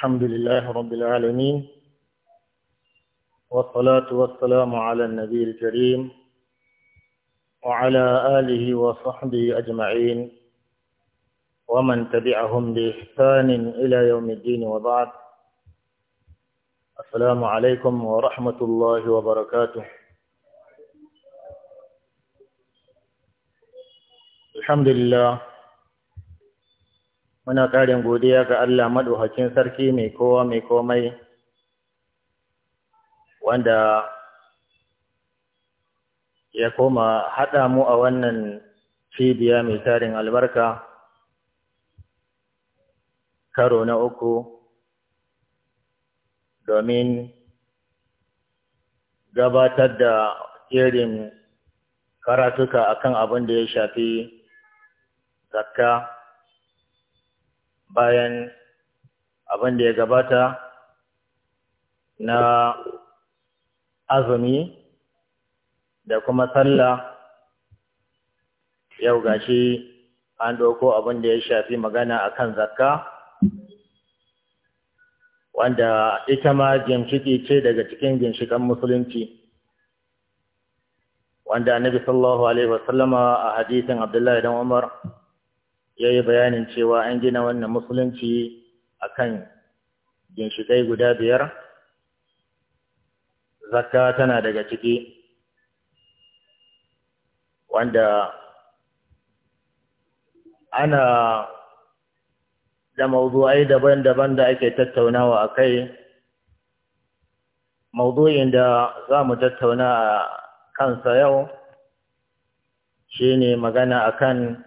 الحمد لله رب العالمين والصلاة والسلام على النبي الكريم وعلى آله وصحبه أجمعين ومن تبعهم بإحسان إلى يوم الدين وبعد السلام عليكم ورحمة الله وبركاته الحمد لله muna ƙarin godiya ga Allah maɗaukakin sarki mai kowa mai komai wanda ya koma haɗa mu a wannan cibiya mai tarin albarka karo na uku domin gabatar da irin karatuka akan abin da ya shafi zakka bayan abin da ya gabata na azumi da kuma sallah yau gashi an doko abin da ya shafi magana a kan zakka wanda ita ma ginshiki ce daga cikin ginshikan musulunci wanda annabi sallallahu alaihi wasallama a hadisin abdullahi dan umar ya yi bayanin cewa an gina wannan musulunci akan ginshikai guda biyar zakka tana daga ciki wanda ana da mawuzuwai daban-daban da ake tattaunawa a kai mawdu'in da za mu tattauna a kansa yau shi ne magana akan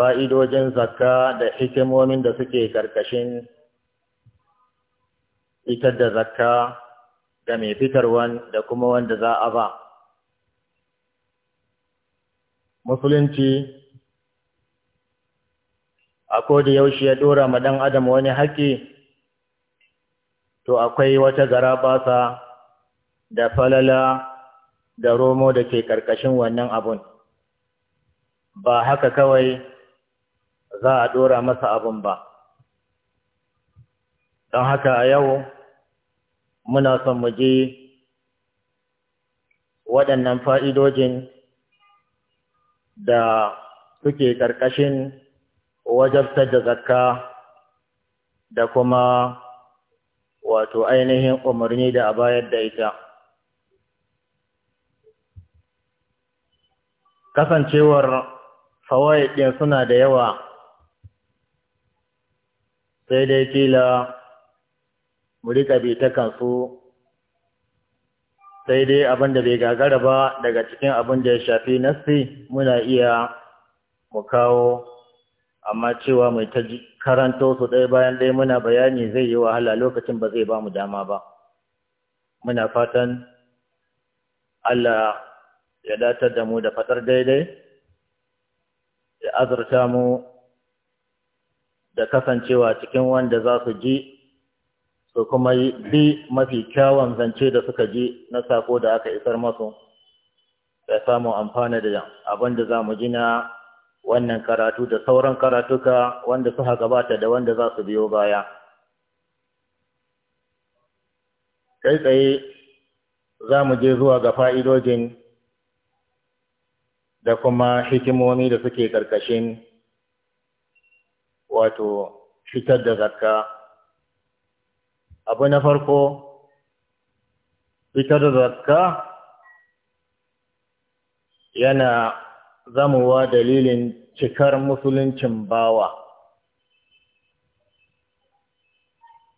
fa'idojin zakka da hikimomin da suke ƙarƙashin fitar da zakka ga mai fitarwan da kuma wanda za a ba. Musulunci a da yaushe ya dora ma ɗan adam wani haƙƙi to akwai wata garabasa da falala da romo da ke ƙarƙashin wannan abun ba haka kawai za a ɗora masa abin ba don haka a yau muna son mu je waɗannan fa'idojin da suke ƙarƙashin wajabtar da zakka da kuma wato ainihin umarni da a bayar da ita. Kasancewar fawaid ɗin suna da yawa sai dai kila mu rika bi ta kansu sai dai abin da bai gagara ba daga cikin abin da ya shafi nassi muna iya mu kawo amma cewa mai ta karanto su ɗaya bayan ɗaya muna bayani zai yi wahala lokacin ba zai ba mu dama ba muna fatan Allah ya datar da mu da fatar daidai ya azurta mu da kasancewa cikin wanda za su ji su kuma bi mafi kyawun zance da suka ji na sako da aka isar masu da samun amfani da abin da za mu ji na wannan karatu da sauran karatuka wanda suka gabata da wanda za su biyo baya kai tsaye za mu je zuwa ga fa'idojin da kuma hikimomi da suke ƙarƙashin wato fitar da zakka abu na farko fitar da zakka yana zamowa dalilin cikar musuluncin bawa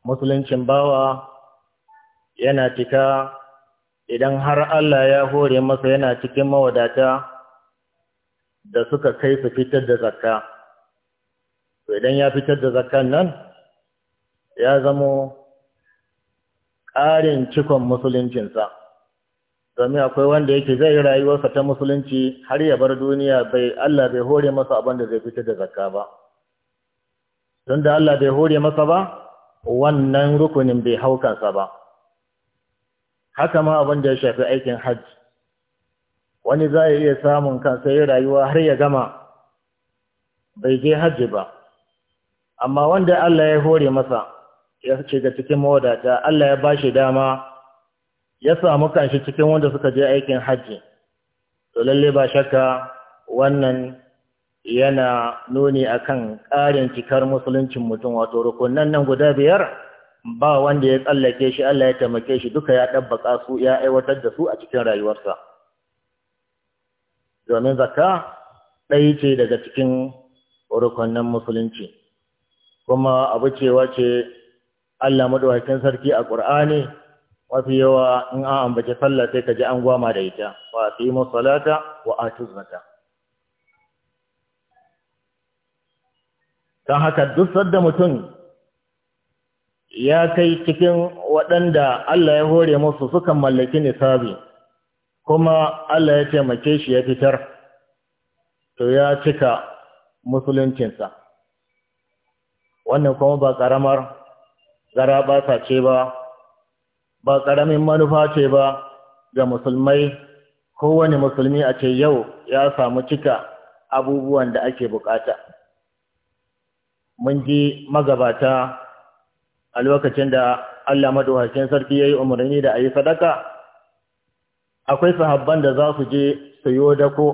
musuluncin bawa yana cika idan har Allah ya hore masa yana cikin mawadata da suka kai su fitar da zakka idan ya fitar da zakkan nan ya zamo ƙarin cikon musuluncinsa domin akwai wanda yake zai rayuwarsa ta musulunci har ya bar duniya bai Allah bai hore masa abin da zai fitar da zakka ba don da Allah bai hore masa ba wannan rukunin bai hau kansa ba haka ma abin da ya shafi aikin hajji wani za iya samun kansa ya rayuwa har ya gama bai je hajji ba amma wanda Allah ya hore masa ya ce ga cikin mawadata Allah ya bashi dama ya samu kanshi cikin wanda suka je aikin hajji to lalle ba shakka wannan yana nuni akan ƙarin cikar musuluncin mutum wato rukunan nan guda biyar ba wanda ya tsallake shi Allah ya taimake shi duka ya dabbaka su ya aiwatar da su a cikin rayuwarsa domin zakka ɗaya ce daga cikin rukunan musulunci kuma abu cewa ce Allah madawakin sarki a Qur'ani mafi yawa in an ambaci sallah sai ka ji an gwama da ita wa fi salata wa atu zakka ta haka duk sadda mutum ya kai cikin waɗanda Allah ya hore musu sukan mallaki nisabi kuma Allah ya taimake shi ya fitar to ya cika musuluncinsa wannan kuma ba ƙaramar garabasa ce ba ba ƙaramin manufa ce ba ga musulmai kowane musulmi a ce yau ya samu cika abubuwan da ake bukata mun ji magabata a lokacin da Allah madaukakin sarki ya yi umarni da ayi sadaka akwai sahabban da za su je su yi dako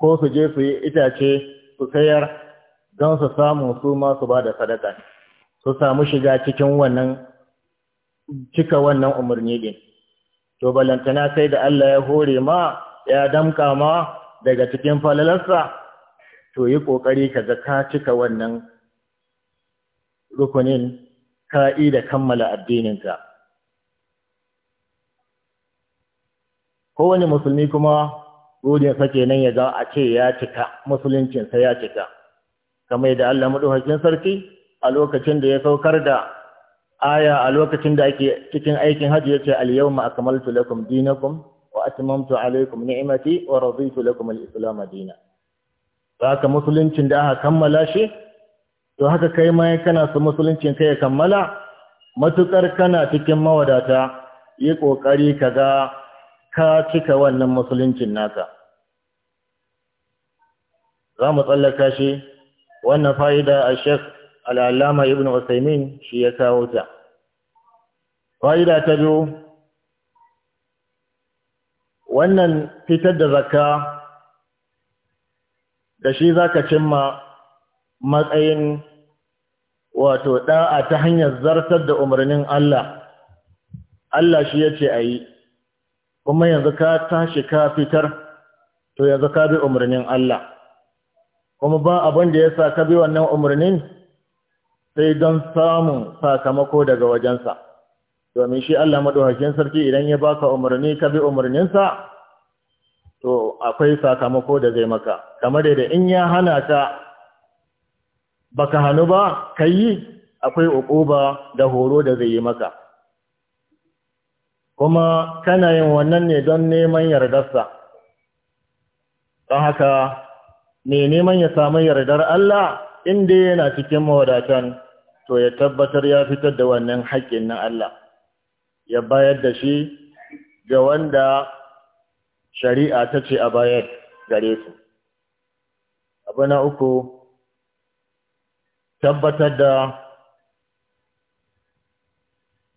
ko su je su yi itace su sayar don su samu su ma su ba da sadaka su samu shiga cikin wannan cika wannan umarni din to balantana sai da Allah ya hore ma ya damka ma daga cikin falalarsa to yi kokari ka ga ka cika wannan rukunin ka'i da kammala addininka kowane musulmi kuma gode sake nan ya ga a ce ya cika musuluncinsa ya cika kamar da Allah madaukakin sarki a lokacin da ya saukar da aya a lokacin da ake cikin aikin hajji yace al-yawma akmaltu lakum dinakum wa atmamtu alaykum ni'mati wa raditu lakum al-islam dinan haka musuluncin da aka kammala shi to haka kai ma kana son musuluncin kai ya kammala matukar kana cikin mawadata yi kokari kaga ka cika wannan musuluncin naka za mu tsallaka shi wannan fa'ida a shek al'alama ibn Usaimin shi ya kawo ta. Fa'ida ta biyu, wannan fitar da zaka da shi za ka cimma matsayin wato ɗa'a ta hanyar zartar da umarnin Allah. Allah shi ya ce a yi, kuma yanzu ka tashi ka fitar, to yanzu ka bi umarnin Allah. kuma ba abin da ya sa ka bi wannan umarnin sai don samun sakamako daga wajensa domin shi Allah maɗaukakin sarki idan ya baka umarni ka bi umarninsa to akwai sakamako da zai maka kamar da in ya hana ka baka hannu ba ka akwai uquba da horo da zai yi maka kuma kana yin wannan ne don neman yardarsa don haka mai neman ya samu yardar Allah inda yana cikin mawadatan to ya tabbatar ya fitar da wannan haƙƙin na Allah ya bayar da shi ga wanda shari'a ta ce a bayar gare su abu na uku tabbatar da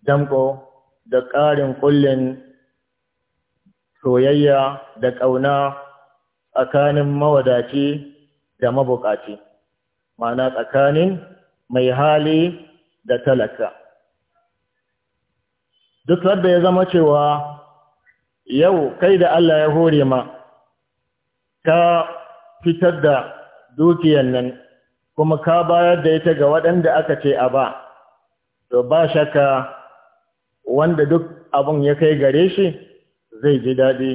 damko da ƙarin kullin soyayya da ƙauna tsakanin mawadaci da mabukaci ma'ana tsakanin mai hali da talaka duk wadda ya zama cewa yau kai da Allah ya hore ma ka fitar da dukiyan nan kuma ka bayar da ita ga waɗanda aka ce a ba to ba shakka wanda duk abun ya kai gare shi zai ji daɗi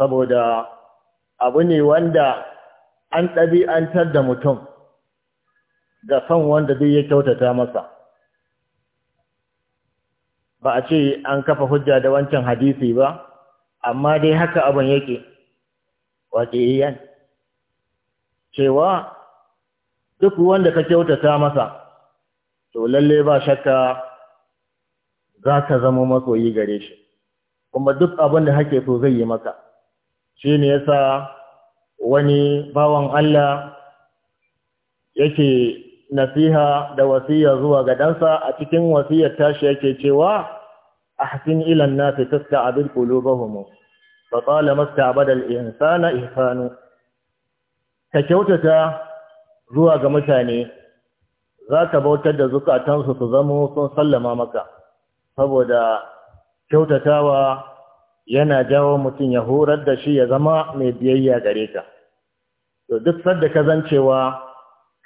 saboda abu ne wanda an ɗabi'antar da mutum ga son wanda zai ya kyautata masa ba a ce an kafa hujja da wancan hadisi ba amma dai haka abin yake waƙi'iyan cewa duk wanda ka kyautata masa to lalle ba shakka za ka zama masoyi gare shi kuma duk abin da hake so zai yi maka shi ne yasa wani bawan Allah yake nasiha da wasiya zuwa ga ɗansa a cikin wasiyar tashi yake cewa ahsin ilan Ba nasi tasta'bil qulubahum fa qala masta'bada al-insana ihsanu ka kyautata zuwa ga mutane za ka bautar da zukatansu su zama sun sallama maka saboda kyautatawa yana jawo mutum ya horar da shi ya zama mai biyayya gare ka to duk sadda ka zancewa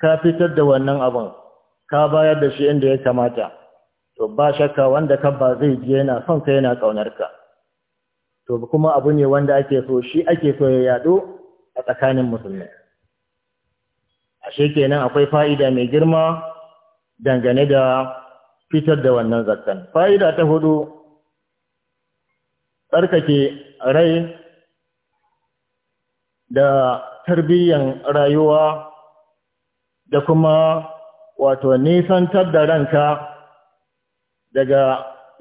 ka fitar da wannan abin ka bayar da shi inda ya kamata to ba shakka wanda ka ba zai ji yana son ka yana ƙaunarka, ka to kuma abu ne wanda ake so shi ake so ya yado a tsakanin musulmi ashe kenan akwai fa'ida mai girma dangane da fitar da wannan zakkan fa'ida ta hudu tsarkake rai da tarbiyyar rayuwa da kuma wato nisantar da ranka daga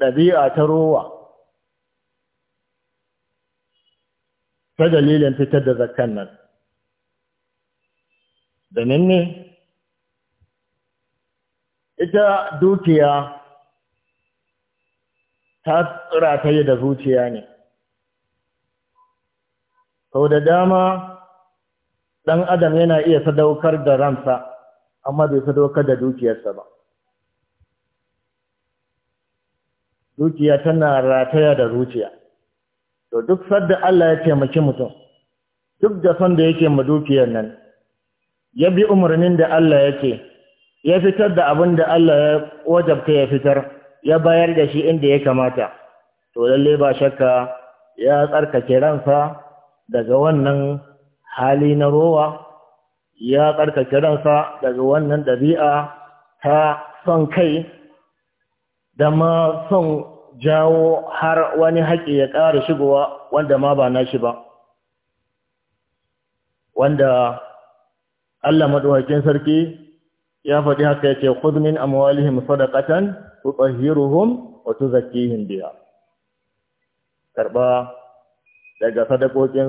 ɗabi'a ta rowa ta dalilin fitar da zakkan nan nan ne ita dukiya ta rataye da zuciya ne sau da dama ɗan adam yana iya sadaukar da ransa amma bai sadaukar da dukiyarsa ba dukiya tana rataya da zuciya to duk sadda Allah ya taimaki mutum duk da son da yake ma dukiyar nan ya bi umarnin da Allah yake ya fitar da abin da Allah ya wajabta ya fitar ya bayar da shi inda ya kamata to lalle ba shakka ya tsarkake ransa daga wannan hali na rowa ya tsarkake ransa daga wannan ɗabi'a ta son kai da ma son jawo har wani haƙƙi ya ƙara shigowa wanda ma ba nashi ba wanda Allah maɗaukakin sarki ya faɗi haka ya ce khudh min amwalihim sadaqatan tutahhiruhum wa tuzakkihim biha karba daga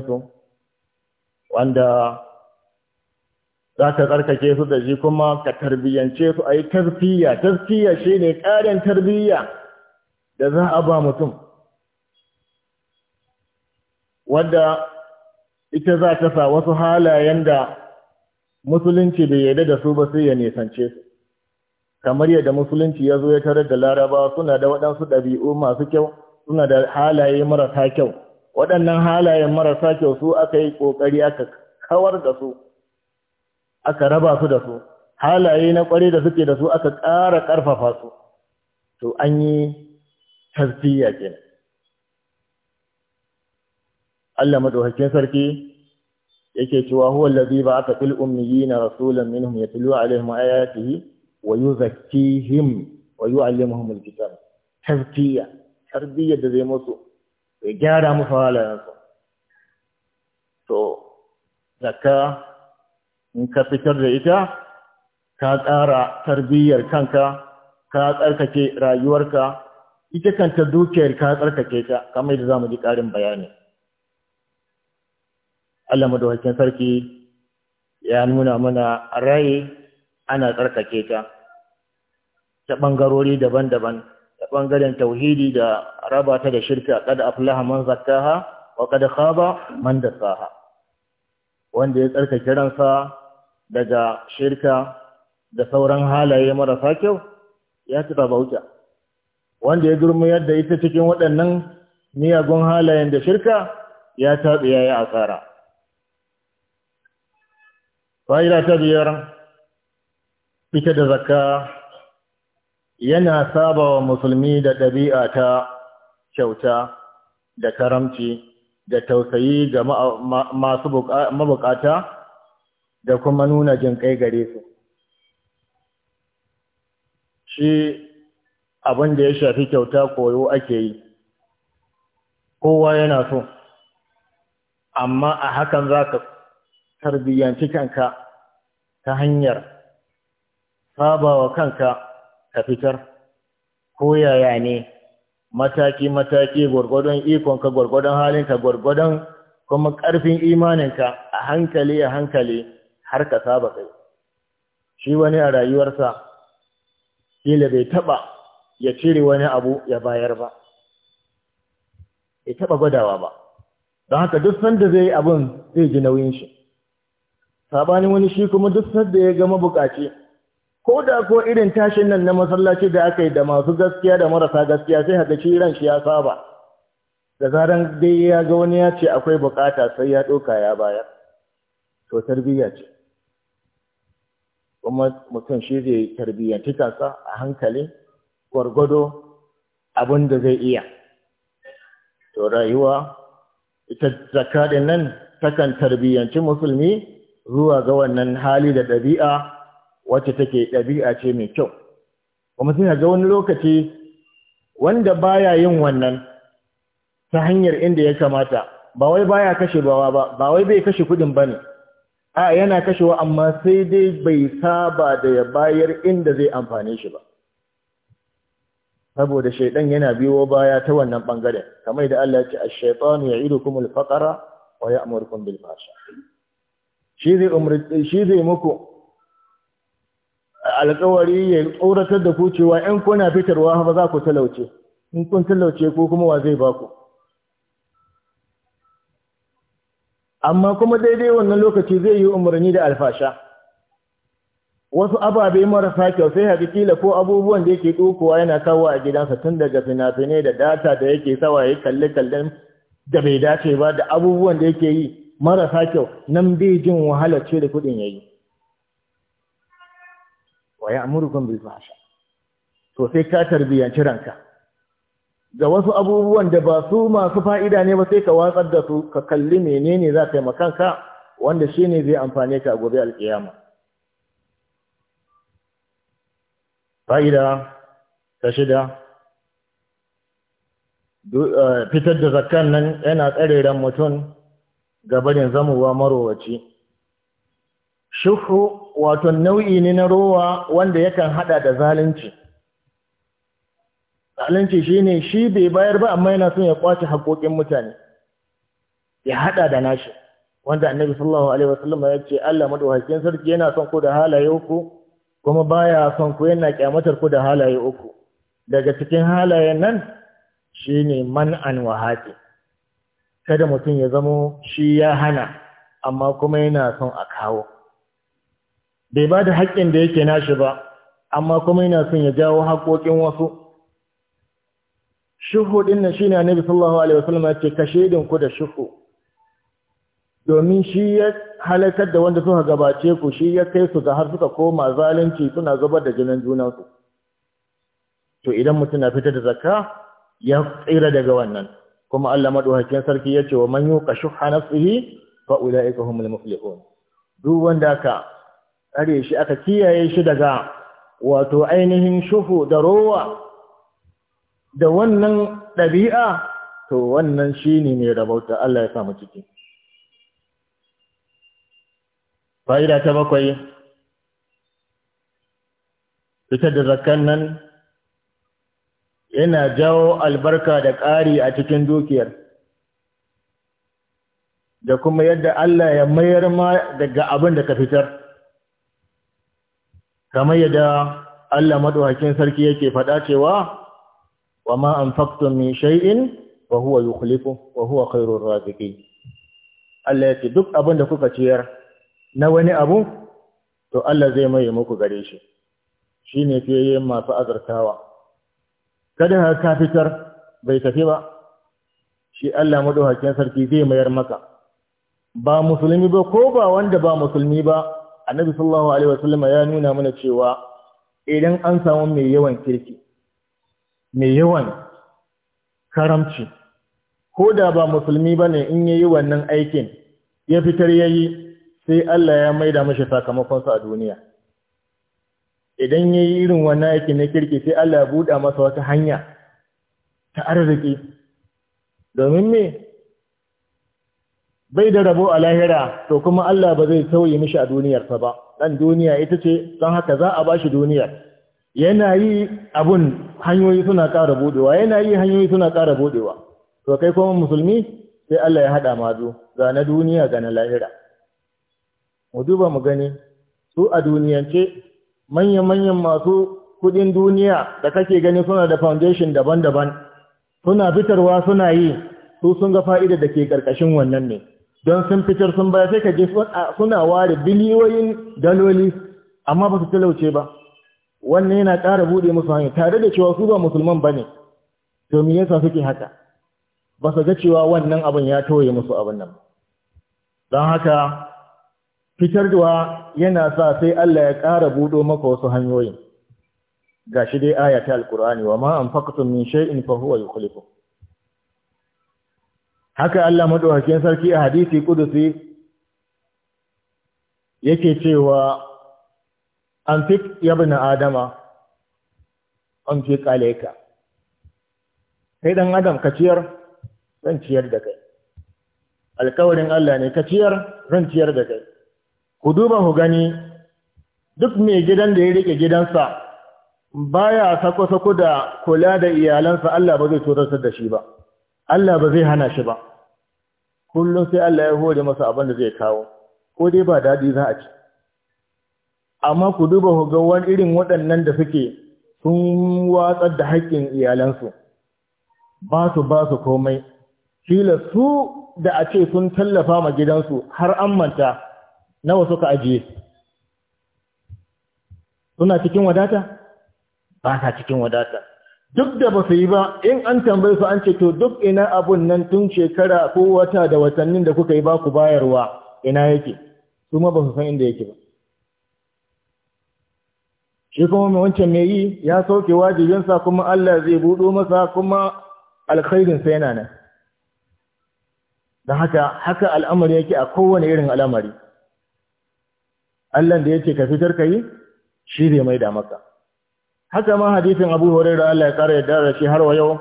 su wanda za ka tsarkake su da shi kuma ka tarbiyyance su a yi tarfiya tarfiya shi ne ƙarin tarbiyya da za a ba mutum wadda ita za ta sa wasu halayen da musulunci bai yarda da su ba sai ya nisance su kamar yadda musulunci ya zo ya tarar da larabawa suna da waɗansu ɗabi'u masu kyau suna da halaye marasa kyau waɗannan halayen marasa kyau su aka yi ƙoƙari aka kawar da su aka raba su da su halaye na ƙware da suke da su aka ƙara ƙarfafa su to an yi tasfiya kenan Allah madaukakin sarki yake cewa huwa allazi ba'atha fil ummiyina rasulan minhum yatlu alaihim ayatihi wa yuzakkihim wa yu'allimuhum alkitab tazkiya tarbiyyar da zai musu ya gyara musu halayensu to zakka in ka fitar da ita ka tsara tarbiyyar kanka ka tsarkake rayuwarka ita kanta dukiyar ka tsarkake ta kamar yadda mu ji ƙarin bayani Allah madawacin sarki ya nuna mana raye ana tsarkake ta ta bangarori daban-daban ta ɓangaren tauhidi da rabata da shirka kada aflaha man zakkaha wa kada khaba man dassaha wanda ya tsarkake ransa daga shirka da sauran halaye marasa kyau ya tafi bauta wanda ya durmuyar yadda ita cikin waɗannan miyagun halayen da shirka ya taɓe yayi yi asara fa'ida ta biyar ita da zakka yana saba wa musulmi da ɗabi'a ta kyauta da karamci da tausayi ga masu mabukata da kuma nuna jin kai gare su shi abin da ya shafi kyauta koyo ake yi kowa yana so amma a hakan za ka tarbiyyanci kanka ta hanyar sabawa kanka ka fitar ko yaya ne mataki-mataki gwargwadon ikonka gwargwadon halinka gwargwadon kuma ƙarfin imaninka a hankali a hankali har ka saba kai shi wani a rayuwarsa kila bai taba ya cire wani abu ya bayar ba bai taba gwadawa ba don haka duk sanda zai abun zai ji nauyin shi sabanin wani shi kuma duk sadda ya ga mabukaci ko da ko irin tashin nan na masallaci da aka yi da masu gaskiya da marasa gaskiya sai haka shi ran shi ya saba da zaran dai ya ga wani ya ce akwai bukata sai ya ɗauka ya baya to tarbiyya ce kuma mutum shi zai tarbiyyanci a hankali gwargwado abin da zai iya to rayuwa ita zakadin nan takan tarbiyyanci musulmi zuwa ga wannan hali da ɗabi'a wacce take ɗabi'a ce mai kyau kuma sai ga wani lokaci wanda baya yin wannan ta hanyar inda ya kamata ba wai baya kashe bawa ba ba wai bai kashe ba bane a yana kashewa amma sai dai bai saba da ya bayar inda zai amfane shi ba saboda shaidan yana biyo baya ta wannan bangaren kamar da Allah ya ce ash-shaytanu ya'idukumul faqra wa ya'murukum bil fahsha shi zai umarci shi zai muku alƙawari ya tsoratar da ku cewa in kuna fitarwa ba za ku talauce in kun talauce ko kuma wa zai ba ku amma kuma daidai wannan lokaci zai yi umarni da alfasha wasu ababe marasa kyau sai haka kila ko abubuwan da yake ɗokowa yana kawo a gidansa tun daga fina-finai da data da yake sawa ya kalle-kallen da bai dace ba da abubuwan da yake yi marasa kyau nan bai jin wahalar ce da kuɗin ya yi wa ya kan bai fasha to sai ka tarbiyyanci ranka ga wasu abubuwan da ba su masu fa'ida ne ba sai ka watsar da su ka kalli menene za ka yi makanka wanda shi ne zai amfane ka gobe alƙiyama fa'ida ta shida eh, fitar da zakkan nan yana tsare ran mutum gabarin zamowa marowaci shuhu wato nau'i ne na rowa wanda yakan hada da zalunci zalunci shine shi bai bayar ba amma yana son ya kwace haƙoƙin mutane ya hada da nashi wanda annabi sallallahu alaihi wasallam ya ce Allah madaukakin sarki yana son ku da halaye uku kuma baya son ku yana kyamatar ku da halaye uku daga cikin halayen nan shine man'an wahati kada mutum ya zamo shi ya hana amma kuma yana son a kawo bai ba da haƙƙin da yake nashi ba amma kuma yana son ya jawo haƙoƙin wasu shuhu din shi shine annabi sallallahu alaihi wasallam ya ce din ku da shuhu domin shi ya halakar da wanda suka gabace ku shi ya kai su ga har suka koma zalunci suna zubar da jinin junansu to idan mutum na fitar da zakka ya tsira daga wannan kuma Allah maduhakin sarki ce wa man yuqa shuhha nafsihi fa ulaika humul muflihun duk wanda ka tsare shi aka kiyaye shi daga wato ainihin shuhu da rowa da wannan ɗabi'a to wannan shine mai rabauta Allah ya samu ciki fa'ida ta bakwai fitar da zakkan nan yana jawo albarka da ƙari a cikin dukiyar da kuma yadda Allah ya mayar ma daga abin da ka fitar kamar yadda Allah maɗaukakin sarki yake faɗa cewa wa ma anfaqtum min shay'in wa huwa yukhlifu wa huwa khairur raziqin Allah yake duk abin da kuka ciyar na wani abu to Allah zai mai muku gare shi shine fiye masu azartawa kada ka fitar bai tafi ba shi Allah madaukakin sarki zai mayar maka ba musulmi ba ko ba wanda ba musulmi ba annabi sallallahu alaihi wasallam ya nuna mana cewa idan an samu mai yawan kirki mai yawan karamci ko da ba musulmi ba ne in yayi wannan aikin ya fitar yayi sai Allah ya maida mashi sakamakonsa a duniya idan ya yi irin wannan yake na kirki sai Allah ya buɗa masa wata hanya ta arziki domin me bai da rabo a lahira to kuma Allah ba zai sauye mishi a duniyarsa ba dan duniya ita ce don haka za a ba shi duniyar yana yi abun hanyoyi suna ƙara buɗewa yana yi hanyoyi suna ƙara buɗewa to kai kuma musulmi sai Allah ya haɗa mazu ga na duniya ga na lahira mu duba mu gani su a duniyance manya-manyan masu kudin duniya da kake gani suna da foundation daban-daban suna fitarwa suna yi su sun ga fa'ida da ke ƙarƙashin wannan ne don sun fitar sun baya sai ka je suna ware biliyoyin daloli amma ba su talauce ba wannan yana ƙara buɗe musu hanyar tare da cewa su ba musulman ba ne domin yasa suke haka ba su ga cewa wannan abin ya toye musu abin nan don haka Fitar fitarwa yana sa sai Allah ya ƙara buɗo maka wasu hanyoyin gashi dai ayata alqur'ani wa ma anfaqtum min shay'in fa huwa yukhlifu haka Allah madawakin sarki a hadisi kudusi yake cewa an ya ibn adama an anfiq alayka kai dan adam ka ciyar zan ciyar da kai alkawarin Allah ne ka ciyar zan ciyar da kai ku duba ku gani duk mai gidan da ya rike gidansa baya sako-sako da kula da iyalansa Allah ba zai tozartar da shi ba Allah ba zai hana shi ba kullum sai Allah ya hore masa abin da zai kawo ko dai ba daɗi za a ci amma ku duba ku ga wani irin waɗannan da suke sun watsar da haƙƙin iyalansu ba su ba su komai kila su da a ce sun tallafa ma gidansu har an manta nawa suka ajiye suna cikin wadata ba sa cikin wadata duk da ba su yi ba in an tambayi su an ce to duk ina abun nan tun shekara ko wata da watannin da kuka yi ba ku bayarwa ina yake su ma ba su san inda yake ba shi kuma mai wancan mai yi ya sauke wajibinsa kuma Allah zai buɗo masa kuma alkhairinsa yana nan da haka haka al'amari yake a kowane irin al'amari Allah da yake ka fitar ka yi shi zai mai da maka haka ma hadisin Abu Hurairah Allah ya kara yadda da shi har wa yau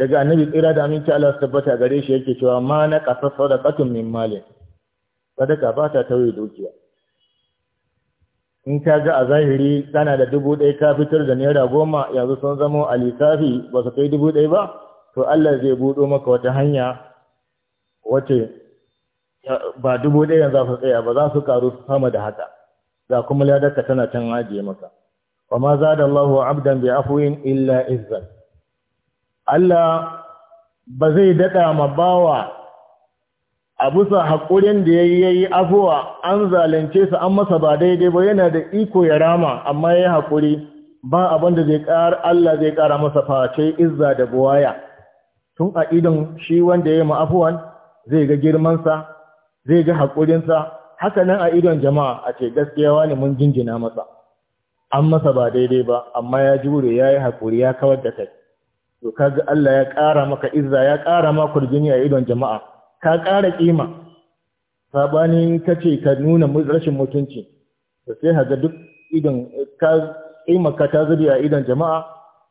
daga annabi tsira da aminci Allah ya tabbata gare shi yake cewa ma na qasa sadaqatun min mali sadaka ba ta tauye dukiya in ka ga a zahiri kana da dubu ɗaya ka fitar da naira goma yanzu sun zamo a lissafi ba su kai dubu ɗaya ba to Allah zai buɗo maka wata hanya wace ba dubu ɗaya yanzu za su tsaya ba za su karu sama da haka ga kuma ladarka tana can ajiye maka wa ma zada Allahu abdan bi afwin illa izza Allah ba zai dada ma bawa abusa hakurin da yayi yayi afuwa an zalunce su an masa ba daidai ba yana da iko ya rama amma yayi hakuri ba abin da zai kar Allah zai kara masa face izza da buwaya tun a idan shi wanda yayi ma afuwan zai ga girman sa zai ga hakurin sa haka nan a idon jama'a a ce gaskiya ne mun jinjina masa an masa ba daidai ba amma ya jure ya yi haƙuri ya kawar da kai to kaga Allah ya ƙara maka izza ya ƙara maka kurjini a idon jama'a ka ƙara ƙima sabanin ka ce ka nuna rashin mutunci to sai haga duk idon ka ka ta zubi a idon jama'a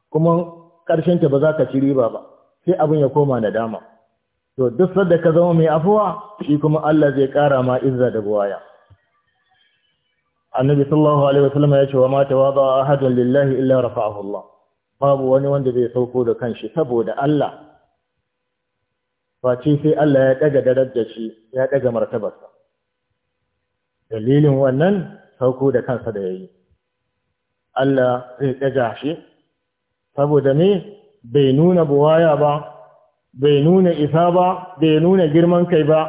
kuma ƙarshen ta ba za ka ci riba ba sai abin ya koma nadama to duk sadda ka zama mai afuwa shi kuma Allah zai ƙara ma izza da buwaya annabi sallallahu alaihi wasallam ya ce wa ma tawada ahadun lillahi illa rafa'ahu Allah babu wani wanda zai sauko da kanshi saboda Allah face sai Allah ya daga darajar shi ya ɗaga martabarsa dalilin wannan sauko da kansa da ya yi. Allah zai ɗaga shi saboda me bai nuna buwaya ba bai nuna isa ba bai nuna girman kai ba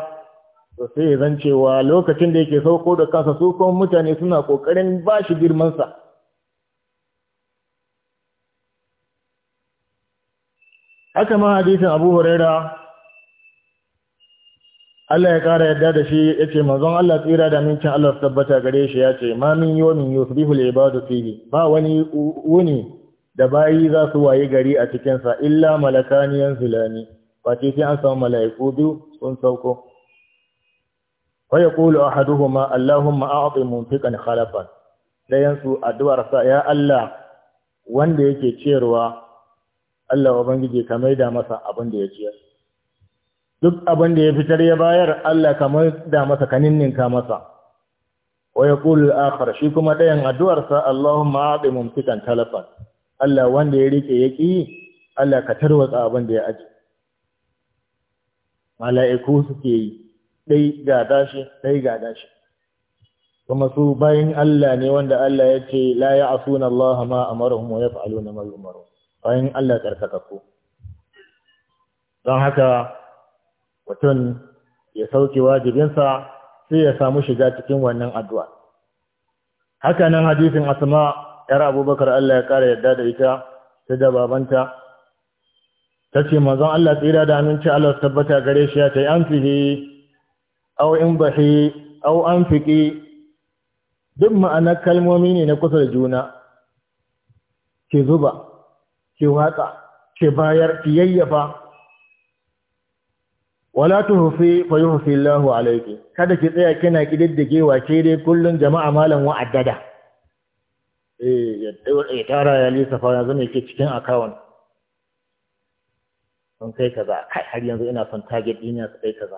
to sai ya zan cewa lokacin da yake sauko da kansa su kuma mutane suna kokarin ba shi girmansa haka ma hadisin abu huraira Allah ya ƙara yadda da shi yace, ce manzon Allah tsira da mincin Allah tabbata gare shi ya ce ma min yomin yusbihu al-ibadu fihi ba wani wuni da bayi za su waye gari a cikinsa illa malakaniyan zulani face sai an samu mala'iku biyu sun sauko waya kulu ahaduhuma allahumma a'ti munfiqan khalafan dayan su addu'ar sa ya Allah wanda yake ciyarwa Allah ubangiji ka maida masa abin da ya ciyar duk abin da ya fitar ya bayar Allah ka maida masa ka ninninka masa waya kulu al-akhar shi kuma dayan addu'ar sa allahumma a'ti munfiqan khalafan Allah wanda ya rike ya ƙi Allah ka tarwatsa abin da ya aji mala'iku suke yi ɗai ga dashi ɗai ga dashi kuma su bayin Allah ne wanda Allah ya ce la ya asuna Allah ma amarahum wa yaf'aluna ma yumaru bayin Allah tsarkakakku don haka mutum ya sauke wajibinsa sai ya samu shiga cikin wannan addu'a haka nan hadisin asma' yar abubakar Allah ya kara yadda da ita ta da babanta ta ce manzon Allah tsira da aminci Allah tabbata gare shi ya yi. an fihi au in bahi au an fiqi duk ma'anar kalmomi ne na kusa da juna ke zuba ke watsa ke bayar ki yayyafa wala hufi fa yuhfi Allahu alayki kada ki tsaya kina kididdigewa ke dai kullun jama'a malam wa'addada Eh, ya tara ya lissafa ya zama ke cikin akawun sun kai kaza kai har yanzu ina son target ɗina su kai kaza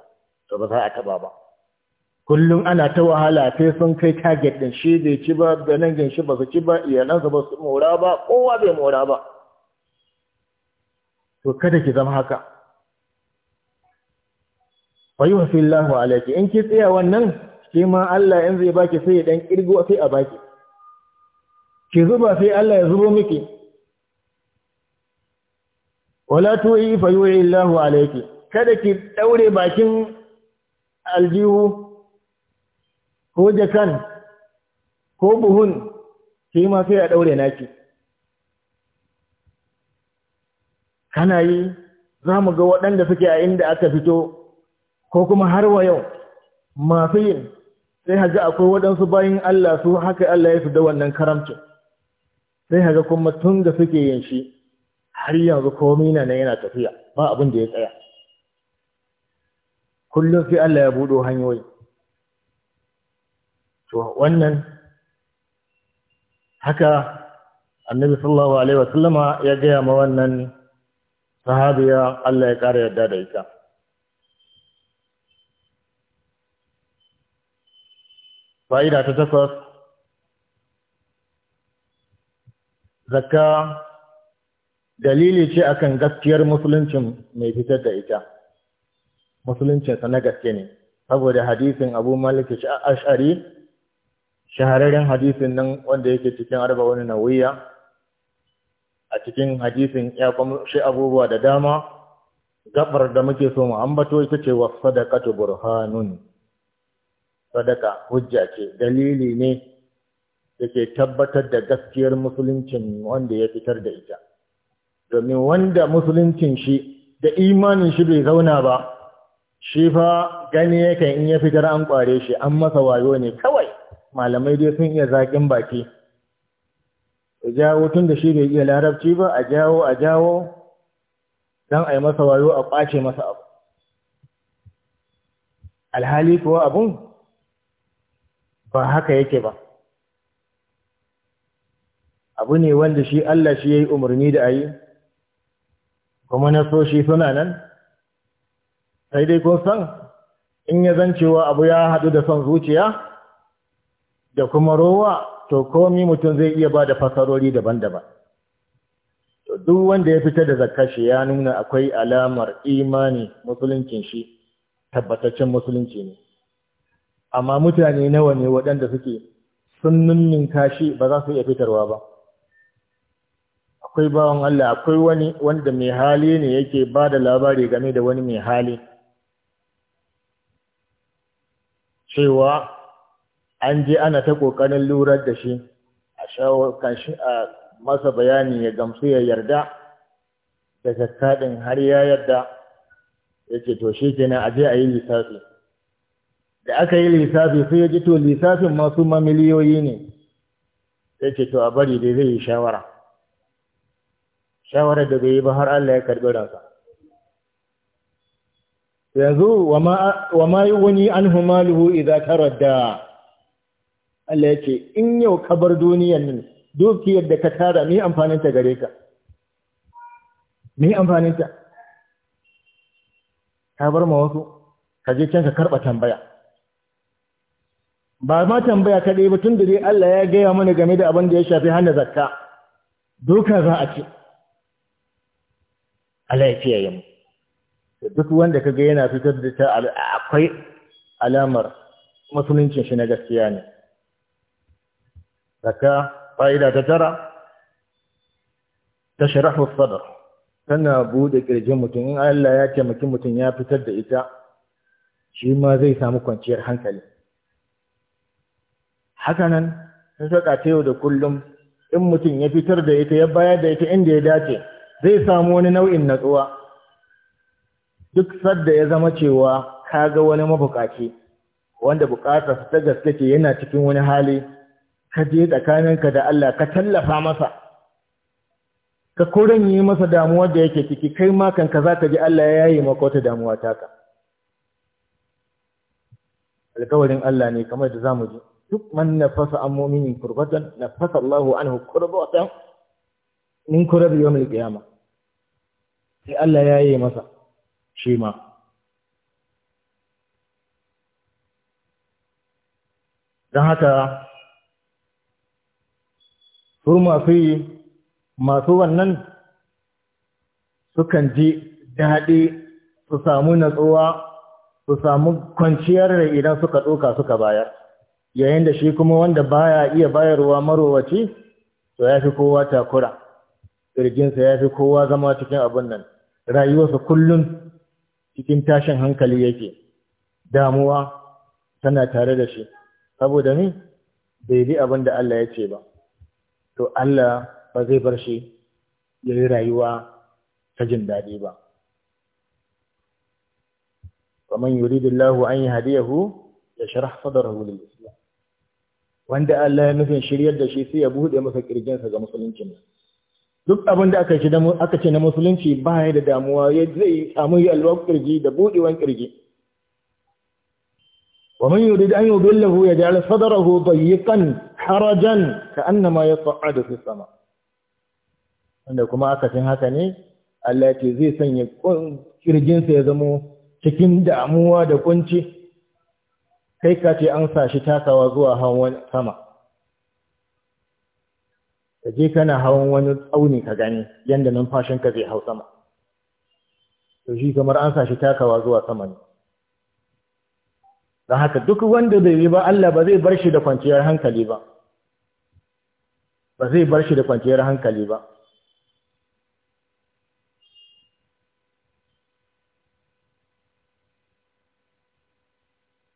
to ba za a taba ba kullum ana ta wahala sai sun kai target din shi bai ci ba da nan gan shi ba su ci ba iyalansa ba su mora ba kowa bai mora ba to kada ki zama haka fa yuhsillahu alayki in ki tsaya wannan shi ma Allah in zai baki sai ya dan kirgo sai a baki ki zuba sai Allah ya zubo miki wala tu'i fa yu'i Allahu alayki kada ki daure bakin aljihu ko jakan ko buhun sai ma sai a daure naki kana yi za mu ga waɗanda suke a inda aka fito ko kuma har wa yau masu yin sai haji akwai waɗansu bayan Allah su haka Allah ya su da wannan karamcin sai haga kuma tun da suke yin shi har yanzu komai na nan yana tafiya ba abin da ya tsaya kullum sai Allah ya buɗo hanyoyi to wannan haka annabi sallallahu alaihi wasallama ya gaya ma wannan sahabiya Allah ya ƙara yadda da ita fa'ida ta takwas zakka dalili ce akan gaskiyar musuluncin mai fitar da ita musuluncinsa na gaske ne saboda hadisin abu malik ash'ari shahararren hadisin nan wanda yake cikin arba wani nawiya a cikin hadisin ya kwamshi abubuwa da dama gabar da muke so mu ambato ita ce wa sadaqatu burhanun sadaka hujja ce dalili ne yake tabbatar da gaskiyar musuluncin wanda ya fitar da ita domin wanda musuluncin shi da imanin shi bai zauna ba shi fa gani yake in ya fitar an kware shi an masa wayo ne kawai malamai dai sun iya zaƙin baki a jawo tun da shi bai iya larabci ba a jawo a jawo don a yi masa wayo a ƙwace masa abu alhali kuwa abun ba haka yake ba abu ne wanda shi Allah shi ya yi umarni da a yi kuma shi suna nan sai dai kun san in ya zancewa abu ya haɗu da son zuciya da kuma rowa to komi mutum zai iya ba da fasarori daban-daban to duk wanda ya fita da zakashi ya nuna akwai alamar imani musuluncin shi tabbataccen musulunci ne amma mutane nawa ne waɗanda suke sun ninninka shi ba za su iya fitarwa ba akwai bawan Allah akwai wani wanda mai hali ne yake ba da labari game da wani mai hali cewa an je ana ta ƙoƙarin lura da shi a shawarkan shi a masa bayani ya gamsu ya yarda da zakkaɗin har ya yarda ya ce to shi ke a je a yi lissafi da aka yi lissafi sai ya ji to lissafin masu mamiliyoyi ne ya ce to a bari dai zai yi shawara shawarar da bai yi ba har Allah ya karbi rasa yanzu wa ma yi wani an humaluhu idan radda Allah ya ce in yau kabar duniyan duniyar nan dukiyar da ka tara mai amfaninta gare ka mai amfaninta ka bar ma wasu ka je can ka karɓa tambaya ba ma tambaya kaɗai ba tun da dai Allah ya gaya mana game da abin da ya shafi hana zakka doka za a ce Allah ya duk wanda kaga yana fitar da ta akwai alamar musuluncin shi na gaskiya ne zaka fa'ida ta tara tashrahu sadar tana bude kirjin mutum in Allah ya taimaki mutum ya fitar da ita shi ma zai samu kwanciyar hankali hakanan saka ta yau da kullum in mutum ya fitar da ita ya bayar da ita inda ya dace zai samu wani nau'in natsuwa duk sadda ya zama cewa ka ga wani mabukaci wanda bukatar ta gaske ce yana cikin wani hali ka je tsakaninka da Allah ka tallafa masa ka koren yi masa damuwar da yake ciki kai ma kanka za ka ji Allah ya yi maka wata damuwa taka alkawarin Allah ne kamar da zamu ji duk man nafasa an mu'minin kurbatan nafasa Allahu anhu kurbatan min kurabi yawmil qiyamah sai Allah ya yi masa shi ma don haka su masu yi masu wannan sukan ji daɗi su samu natsuwa su samu kwanciyar rai idan suka ɗoka suka bayar yayin da shi kuma wanda baya iya bayarwa marowaci to ya fi kowa takura ƙirjinsa ya fi kowa zama cikin abin nan rayuwarsa kullum cikin tashin hankali yake damuwa tana tare da shi saboda ni bai bi abin da Allah ya ce ba to Allah ba zai bar shi ya yi rayuwa ta jin daɗi ba Kamar ومن يريد الله أن يهديه يشرح da su. wanda Allah ya nufin shiryar da shi sai ya buɗe masa kirjinsa ga musulunci ne duk abin da aka ce na musulunci ba ya da damuwa ya zai samu alwar kirji da buɗewar kirji wa man yurid an yudillahu yaj'al sadrahu kan harajan ya ka'annama da su sama wanda kuma aka cin haka ne Allah ya ce zai sanya kirjin ya zamo cikin damuwa da kunci kai ka ce an sa shi takawa zuwa hawan sama ka je kana hawan wani tsauni ka gani yadda numfashinka zai hau sama to shi kamar an sa shi takawa zuwa sama ne don haka duk wanda bai yi ba Allah ba zai bar shi da kwanciyar hankali ba ba zai bar shi da kwanciyar hankali ba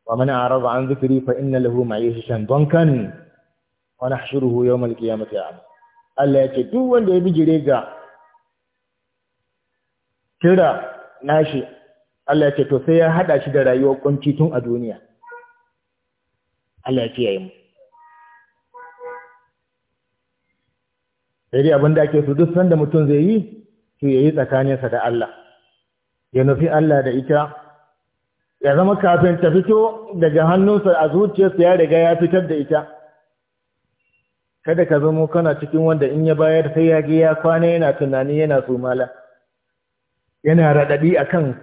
ومن أعرض عن ذكري فإن له معيشة ضنكا ونحشره يوم القيامة أعمى Allah ya ce duk wanda ya bijire ga kira nashi Allah ya ce to sai ya hada shi da rayuwar kunci tun a duniya Allah ya kiyaye mu sai abin da ake so duk sanda mutum zai yi to yayi tsakaninsa da Allah ya nufi Allah da ita ya zama kafin ta fito daga hannunsa a zuciyarsa ya riga ya fitar da ita kada ka zama kana cikin wanda in ya bayar sai ya ya kwana yana tunani yana tsomala yana raɗaɗi akan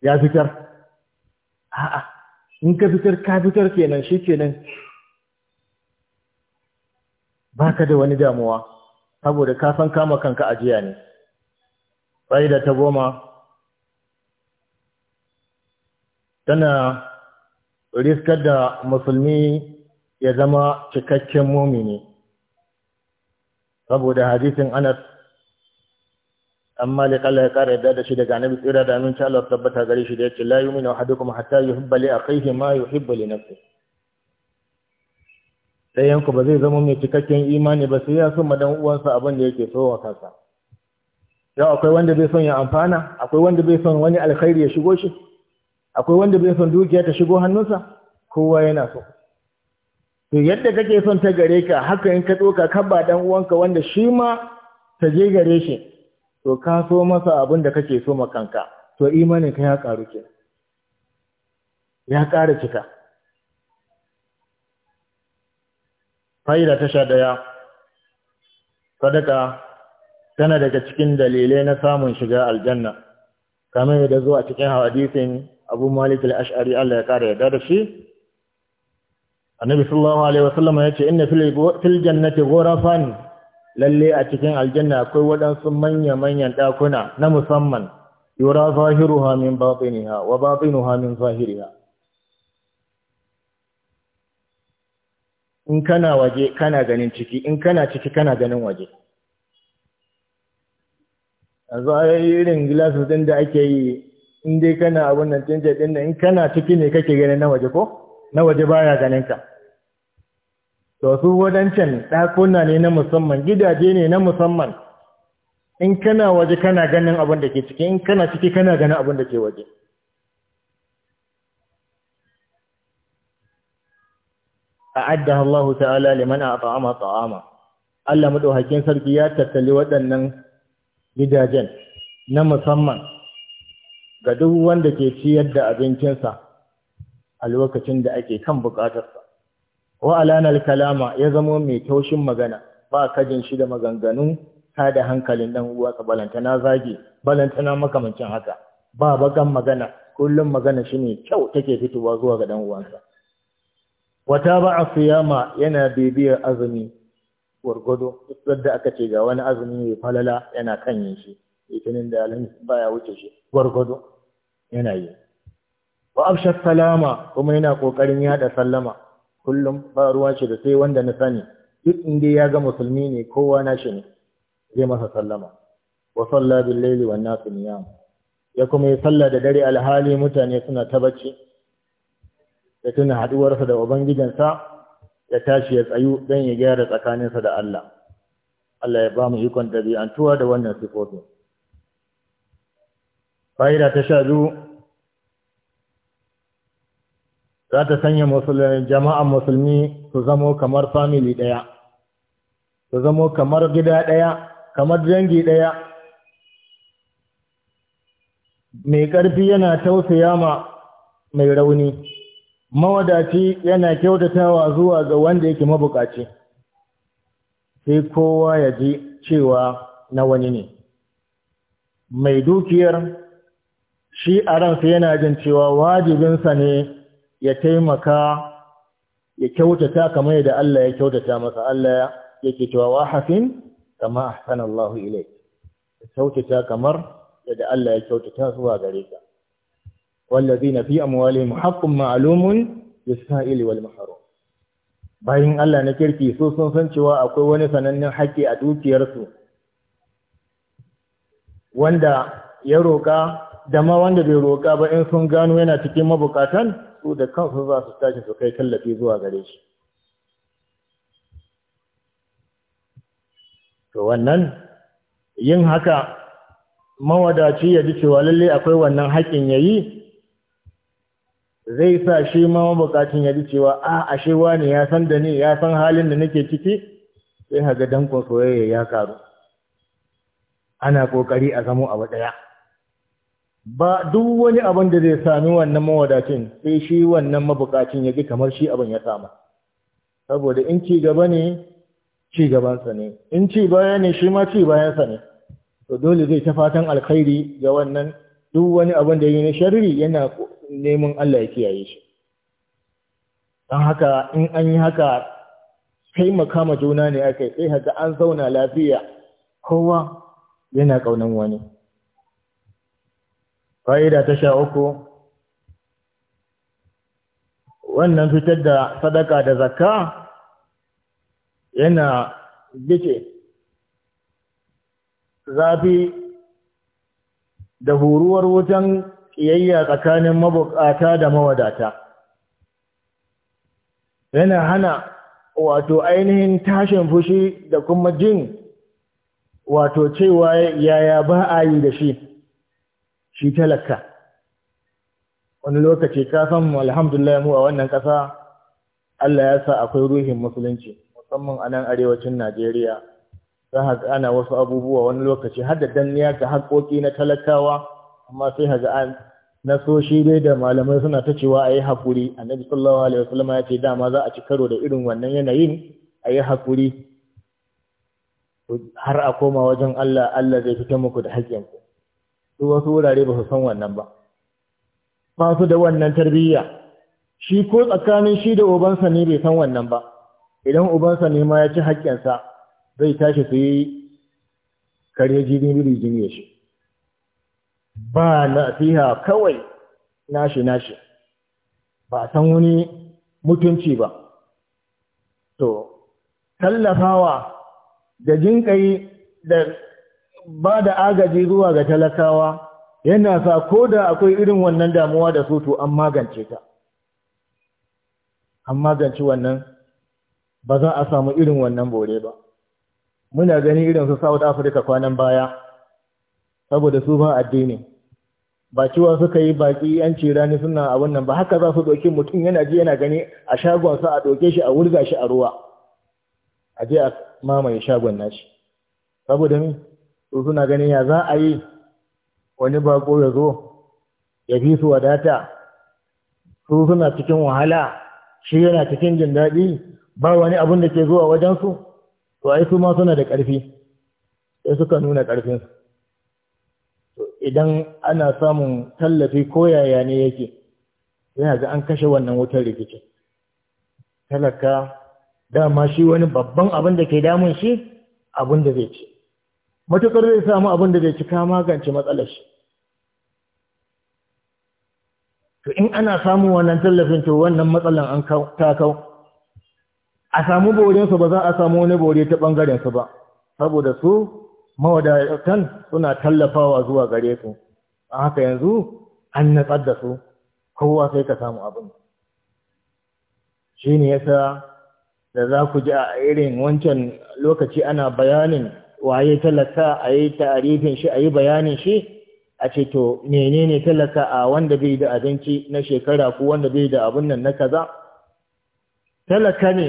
ya fitar a'a in ka fitar ka fitar kenan shi kenan Baka da wani damuwa saboda ka san kama kanka ajiya ne Fa'ida ta goma tana riskar da musulmi ya zama cikakken mumini saboda hadisin anas amma lika kala ya da yadda da shi daga annabi tsira da aminci Allah tabbata gare shi da yace la yu'minu ahadukum hatta yuhibba li akhihi ma yuhibbu li nafsihi dayan ku ba zai zama mai cikakken imani ba sai ya so madan uwansa abin da yake so wa kansa yau akwai wanda bai son ya amfana akwai wanda bai son wani alkhairi ya shigo shi akwai wanda bai son dukiya ta shigo hannunsa kowa yana so to yadda kake son ta gare ka haka in ka tsoka ka ba dan uwanka wanda shi ma ta je gare shi to ka so masa abin da kake so ma kanka to imanin ka ya karu ke ya kara cika fa'ida ta sha daya sadaka tana daga cikin dalilai na samun shiga aljanna kamar yadda zuwa cikin hadisin abu malik al-ash'ari Allah ya kare da shi annabi sallallahu alaihi wasallam ya ce inna fil jannati ghurafan lalle a cikin aljanna akwai waɗansu manya-manyan ɗakuna na musamman yura zahiruha min batiniha wa batinuha min zahiriha in kana waje kana ganin ciki in kana ciki kana ganin waje yanzu a irin gilasu din da ake yi in dai kana abun nan canje din in kana ciki ne kake ganin na waje ko na waje baya ganin ka to su wadancan ɗakuna ne na musamman gidaje ne na musamman in kana waje kana ganin abin da ke ciki in kana ciki kana ganin abin da ke waje a'adda Allah ta'ala liman at'ama ta'ama Allah madaukakin sarki ya tattali waɗannan gidajen na musamman ga duk wanda ke ciyar da abincinsa a lokacin da ake kan buƙatarsa wa alanar kalama ya zama mai taushin magana ba kajin shi da maganganun ta da hankalin dan uwa ka zage zagi balantana makamancin haka ba bakan magana kullum magana shine ne kyau take fitowa zuwa ga dan uwansa wata ba a yana bibiyar azumi gwargwado duk da aka ce ga wani azumi mai falala yana kan yin shi litinin da alhamis baya wuce shi gwargwado yana yi wa afshar salama kuma yana kokarin yada sallama kullum ba ruwa shi da sai wanda na sani duk inda ya ga musulmi ne kowa na shi ne zai masa sallama wa salla bil laili wan nasu niyam ya kuma yi sallah da dare alhali mutane suna ta bacci ya tuna haduwarsa da ubangijinsa ya tashi ya tsayu dan ya gyara tsakaninsa da Allah Allah ya ba mu ikon dabi'antuwa da wannan sifofin. fa'ida ta sha biyu za ta sanya jama'an musulmi su zamo kamar family ɗaya su zamo kamar gida ɗaya kamar dangi ɗaya mai ƙarfi yana tausaya ma mai rauni mawadaci yana kyautatawa zuwa ga wanda yake mabukaci sai kowa ya ji cewa na wani ne mai dukiyar shi a ransa yana jin cewa wajibinsa ne ya taimaka ya kyautata kamar yadda Allah ya kyautata masa Allah yake cewa wa hafin kama ahsana Allahu ilayk kyautata kamar yadda Allah ya kyautata zuwa gare ka wallazina fi amwalihim haqqun ma'lumun lis-sa'il wal mahrum bayin Allah na kirki so sun san cewa akwai wani sanannen haƙƙi a dukiyarsu wanda ya roƙa dama wanda bai roƙa ba in sun gano yana cikin mabukatan su da kansu za su tashi su kai tallafi zuwa gare shi to wannan yin haka mawadaci ya ji cewa lalle akwai wannan haƙin yi, zai sa shi ma mabukacin ya ji cewa a ashe wani ya san da ni ya san halin da nake ciki sai haga dankon soyayya ya karu ana ƙoƙari a zamo abu ɗaya. ba duk wani abin da zai sami wannan mawadacin sai shi wannan mabukacin ya ji kamar shi abin ya sama saboda in ci gaba ne ci gabansa ne in ci baya ne shi ma ci bayansa ne to dole zai ta fatan alkhairi ga wannan duk wani abin da yi na sharri yana neman Allah ya kiyaye shi don haka in an yi haka kai ma juna ne aka sai haka an zauna lafiya kowa yana ƙaunan wani fa'ida ta sha uku wannan fitar da sadaka da zakka yana bice, zafi da huruwar wutan ƙiyayya tsakanin mabukata da mawadata yana hana wato ainihin tashin fushi da kuma jin wato cewa yaya ba a yi da shi shi talaka wani lokaci ka san alhamdulillah mu a wannan ƙasa Allah ya sa akwai ruhin musulunci musamman a nan arewacin Najeriya za ka ana wasu abubuwa wani lokaci har da danniya ga haƙoƙi na talakawa amma sai ka an na so shi dai da malamai suna ta cewa a yi haƙuri annabi sallallahu alaihi wasallam ya ce dama za a ci karo da irin wannan yanayin a yi haƙuri har a koma wajen Allah Allah zai fita muku da haƙƙinku su wasu wurare ba su san wannan ba ba su da wannan tarbiyya shi ko tsakanin shi da ubansa ne bai san wannan ba idan ubansa ne ma ya ci haƙƙinsa zai tashi su yi kare jini biri jini ya shi ba nasiha kawai nashi nashi ba a san wani mutunci ba to tallafawa da jinƙai da ba da agaji zuwa ga talakawa yana sa ko da akwai irin wannan damuwa da su to an magance ta an magance wannan ba za a samu irin wannan bore ba muna gani irin su South Africa kwanan baya saboda su ba addini ba cewa suka yi baki yanci rani suna a wannan ba haka za su doke mutum yana ji yana gani a shagonsa a doke shi a wurga shi a ruwa a je a mamaye shagon nashi saboda ni su suna ganin ya za a yi wani bako ya zo ya fi su wadata su suna cikin wahala shi yana cikin jin daɗi ba wani abin da ke zuwa wajensu to ai su ma suna da ƙarfi sai suka nuna ƙarfinsu idan ana samun tallafi ko yaya ne yake yana ga an kashe wannan wutar rikici. talaka dama shi wani babban abin da ke damun shi abin da zai ci. matuƙar zai samu abin da zai cika magance matsalar shi to in ana samun wannan tallafin to wannan matsalan an ta kau a samu borinsu ba za a samu wani bore ta ɓangarensu ba saboda su mawadatan suna tallafawa zuwa gare su a haka yanzu an natsar da su kowa sai ka samu abin shi ne yasa da za ku ji a irin wancan lokaci ana bayanin waye talaka a yi ta'arifin shi a yi bayanin shi a ce to menene talaka a wanda bai da abinci na shekara ko wanda bai da abun nan na kaza talaka ne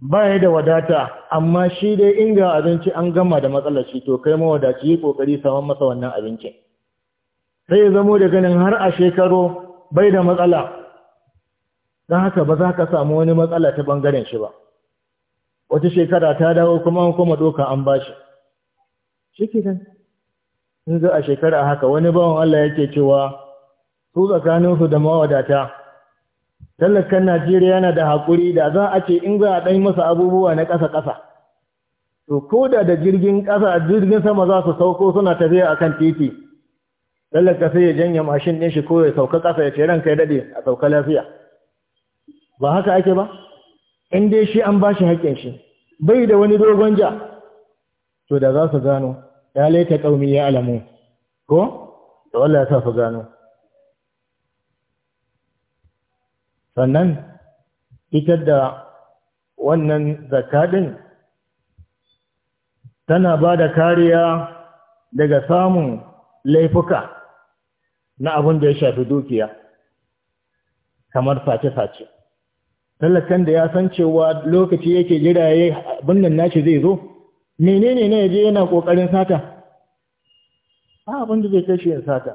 baya da wadata amma shi dai in ga abinci an gama da matsalar shi to kai mawadaci yi kokari saman masa wannan abincin sai ya zamo da ganin har a shekaro bai da matsala don haka ba za ka samu wani matsala ta bangaren shi ba wata shekara ta dawo kuma an kuma doka an bashi shi ke nan in zo a shekara haka wani bawan Allah yake cewa su tsakaninsu da mawadata talakan Najeriya yana da haƙuri da za a ce in za a ɗan masa abubuwa na ƙasa-ƙasa to ko da da jirgin ƙasa jirgin sama za su sauko suna tafiya a kan titi tallaka sai ya janye mashin ɗin shi ko ya sauka ƙasa ya ce ranka ya daɗe a sauka lafiya ba haka ake ba in dai shi an ba shi haƙƙin shi bai da wani dogon ja to da za su gano ya laita qaumi ya alamu ko da Allah ya sa su gano sannan ita da wannan zakadin tana ba da kariya daga samun laifuka na abin da ya shafi dukiya kamar face-face. lallatan da ya san cewa lokaci yake jira ya abinnan nashi zai zo menene ne yaje yana kokarin sata ba abin da zai kai shi sata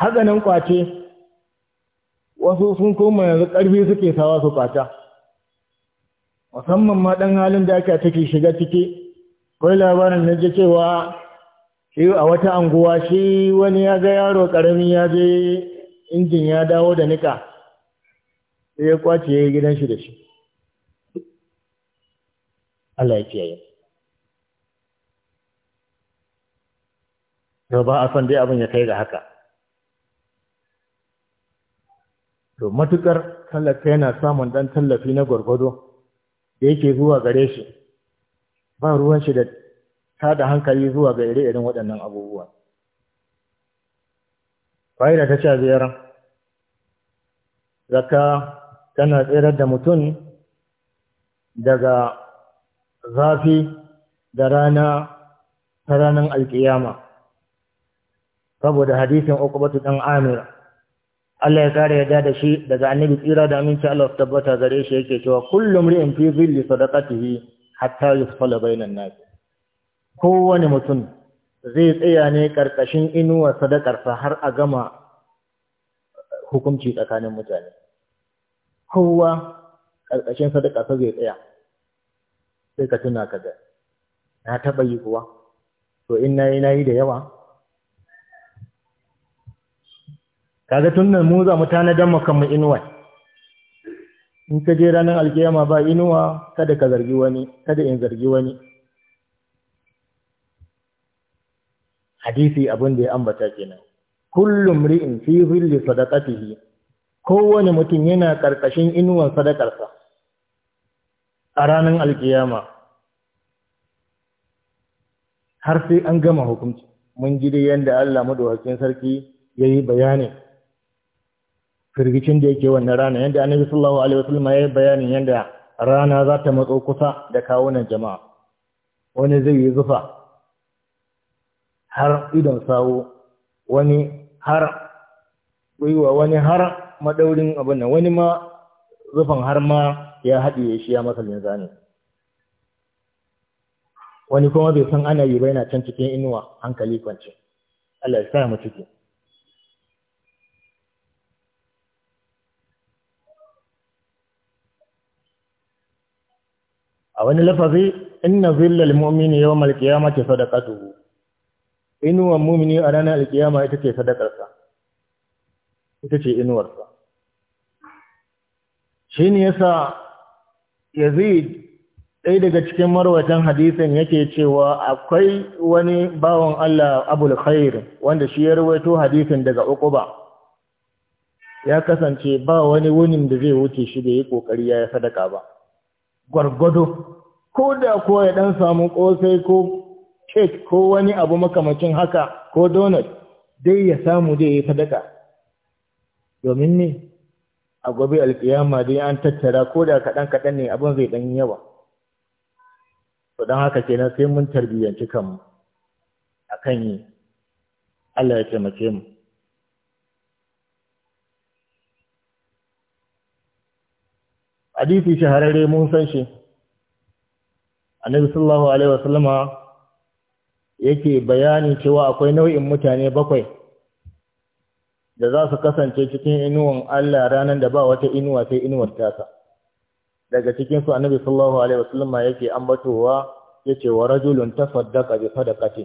haka nan kwace wasu sun koma yanzu karfi suke sawa su kwata musamman ma dan halin da aka take shiga ciki kai labarin na cewa shi a wata anguwa shi wani ya ga yaro karami ya je injin ya dawo da nika sai ya kwace ya yi gidan shi da shi Allah ya kiyaye to ba a son dai abin ya kai ga haka to matukar talaka yana samun dan tallafi na gwargwado da yake zuwa gare shi ba ruwan shi da tada hankali zuwa ga ire-iren waɗannan abubuwa fa'ida ta sha biyar zakka tana tsirar da mutum daga zafi da rana ta ranar alkiyama saboda hadisin ukubatu dan amir Allah ya kare yadda da shi daga annabi tsira da aminci Allah ya tabbata gare shi yake cewa kullum ri'in fi zilli sadaqatihi hatta yusfala bainan nas kowane mutum zai tsaya ne ƙarƙashin inuwar sadakarsa har a gama hukunci tsakanin mutane kowa ƙarƙashin sadakarsa zai tsaya sai ka tuna ka ga na taɓa yi kuwa to in na yi na yi da yawa kaga tun nan mu za mu tanadar makamu inuwar in ka je ranar alkiyama ba inuwa kada ka zargi wani kada in zargi wani hadisi abin da ya ambata kenan kullum ri'in fi hulli sadaqatihi kowane mutum yana karkashin inuwan sadakarsa a ranar alkiyama har sai an gama hukunci mun ji dai yanda Allah madaukakin sarki yayi bayani firgicin da yake wannan rana yanda Annabi sallallahu alaihi wasallam yayi bayanin yanda rana za ta matso kusa da kawunan jama'a wani zai yi zufa har idon sawo wani har gwiwa wani har madaurin abin nan wani ma rufin har ma ya haɗiye shi ya masa linzani wani kuma bai san ana yi ba yana can cikin inuwa hankali kwance Allah ya sa mu ciki a wani lafazi inna zillal mu'mini yawmal qiyamati sadaqatuhu inuwar mumini a ranar alkiyama ita ce sadakarsa ita ce inuwarsa shi ne yasa yazid ɗaya daga cikin marwatan hadisin yake cewa akwai wani bawan Allah abul khair wanda shi ya rawaito hadisin daga ba ya kasance ba wani wunin da zai wuce shi da ya kokari ya sadaka ba gwargwado ko da ko ya ɗan samu ƙosai ko cake ko wani abu makamacin haka ko donut dai ya samu dai ya sadaka domin ne a gobe alkiyama dai an tattara ko da kaɗan kaɗan ne abin zai ɗan yawa to don haka na sai mun tarbiyyanci kanmu a kan yi Allah ya taimake mu hadisi shahararre mun san shi annabi sallallahu alaihi wasallama yake bayani cewa akwai nau'in mutane bakwai da za su kasance cikin inuwan Allah ranar da ba wata inuwa sai inuwar tasa daga cikin su annabi sallallahu alaihi wasallam yake ambatowa yace wa rajulun tasaddaqa bi sadaqati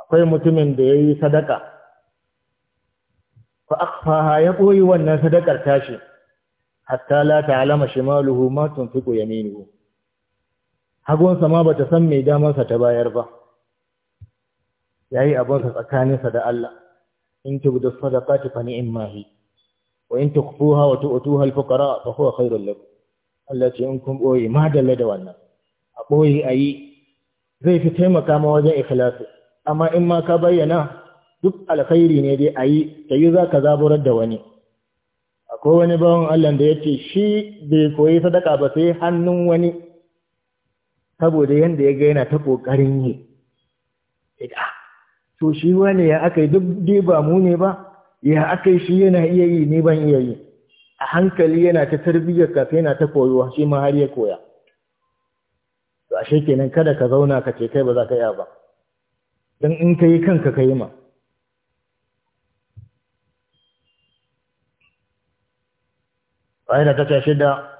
akwai mutumin da yayi sadaka fa akhfaha ya boyi wannan sadakar tashi hatta la ta'lama shimaluhu ma tunfiqu yaminuhu hagunsa ma ta san mai sa ta bayar ba yayi abinsa tsakaninsa da Allah in tubdu sadaqati fa ni'ma hi wa in tukhfuha wa tu'tuha al-fuqara fa huwa khairul lakum Allah ce in kun boye madalla da wannan a boye ayi zai fi taimaka ma wajen ikhlasi amma in ma ka bayyana duk alkhairi ne dai ayi yi za ka zaburar da wani akwai wani bawan Allah da ya ce shi bai koyi sadaka ba sai hannun wani saboda yadda ya ga yana ta ƙoƙarin yi Ida, ah, to shi wani ya aka yi? duk dai ba mu ne ba ya aka yi shi yana iya yi ne ban iya yi a hankali yana ta tarbiyyar kafa yana ta koyuwa shi ma har ya koya to ashe kenan kada ka zauna ka ce kai ba za ka iya ba Don in yi kanka ka yi ma ayata ta shida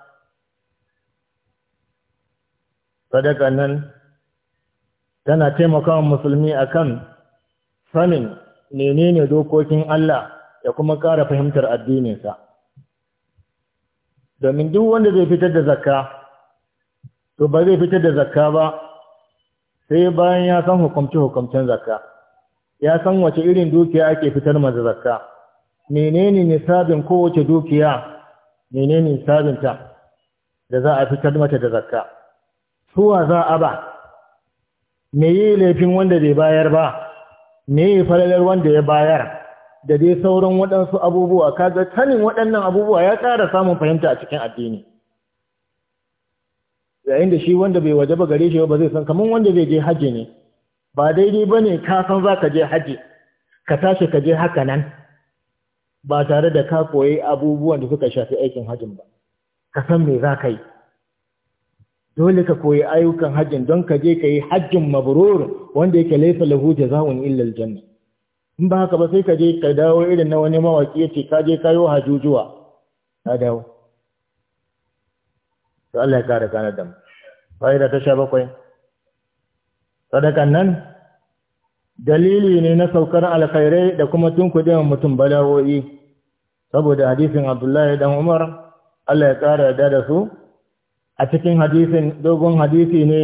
sadaka nan tana taimakawa musulmi a kan sanin menene dokokin Allah ya kuma ƙara fahimtar addininsa domin duk wanda zai fitar da zakka to ba zai fitar da zakka ba sai bayan ya san hukumce-hukumcen zakka ya san wace irin dukiya ake fitar maza zakka menene nisabin kowace dukiya menene nisabinta da za a fitar mata da zakka suwa za a ba me yi laifin wanda bai bayar ba me yi falalar wanda ya bayar da dai sauran waɗansu abubuwa Ka ga canin waɗannan abubuwa ya ƙara samun fahimta a cikin addini yayin da shi wanda bai waje ba gare shi ba zai san kamar wanda zai je haji ne ba daidai ba ne ka san za ka je haji ka tashi ka je haka nan ba tare da ka koyi abubuwan da suka shafi aikin hajin ba ka san me za ka yi dole ka koyi ayyukan hajjin don ka je ka yi hajjin mabrur wanda yake laifin lahu zaun illal aljanna in ba haka ba sai ka je ka dawo irin na wani mawaki yace ka je ka yi hajujuwa ka dawo to Allah ya kare kana da mu fa'ida ta sha bakwai. sadakan nan dalili ne na saukar alkhairai da kuma tunkuɗe mutum bala'o'i saboda hadisin Abdullahi dan Umar Allah ya kare da da su a cikin hadisin dogon hadisi ne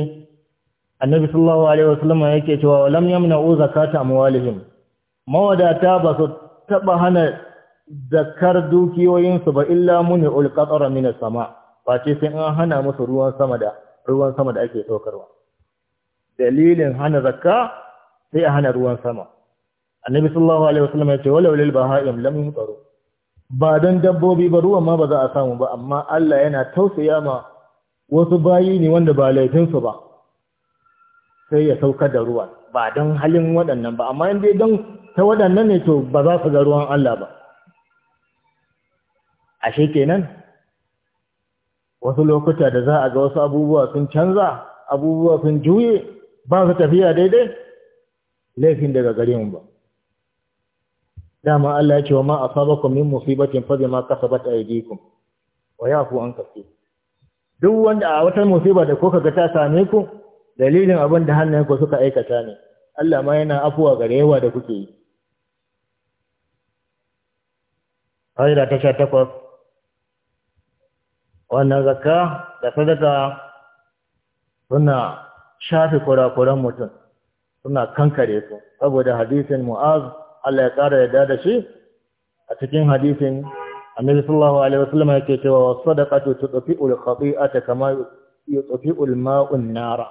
annabi sallallahu alaihi wasallam yake cewa lam yamna'u zakata amwalihim mawadata ba su taba hana zakar dukiyoyinsu ba illa muni ulqatar min sama face sai an hana musu ruwan sama da ruwan sama da ake saukarwa dalilin hana zakka sai a hana ruwan sama annabi sallallahu alaihi wasallam yace wala lil bahaim lam yutaru ba dan dabbobi ba ruwan ma ba za a samu ba amma Allah yana tausaya ma wasu bayi ne wanda ba laifinsu ba sai ya saukar da ruwa ba don halin waɗannan ba amma inda don ta waɗannan ne to ba za su ga ruwan Allah ba ashe kenan wasu lokuta da za a ga wasu abubuwa sun canza abubuwa sun juye ba su tafiya daidai laifin daga gare mu ba dama Allah ya ce wa ma asabakum min musibatin fa bima kasabat aydikum wa yafu an kaseer duk wanda a wata musiba da kuka ga ta same ku dalilin abin da ku suka aikata ne Allah ma yana afuwa gare yawa da kuke yi ƙa'ida ta sha takwas wannan zakka da sadaka suna shafe kurakuran mutum suna kankare su saboda hadisin mu'az Allah ya ƙara yarda da shi a cikin hadisin annabi sallallahu alaihi wasallam yake cewa ta tudfi'u al-khati'ata kama yudfi'u al-ma'u an-nara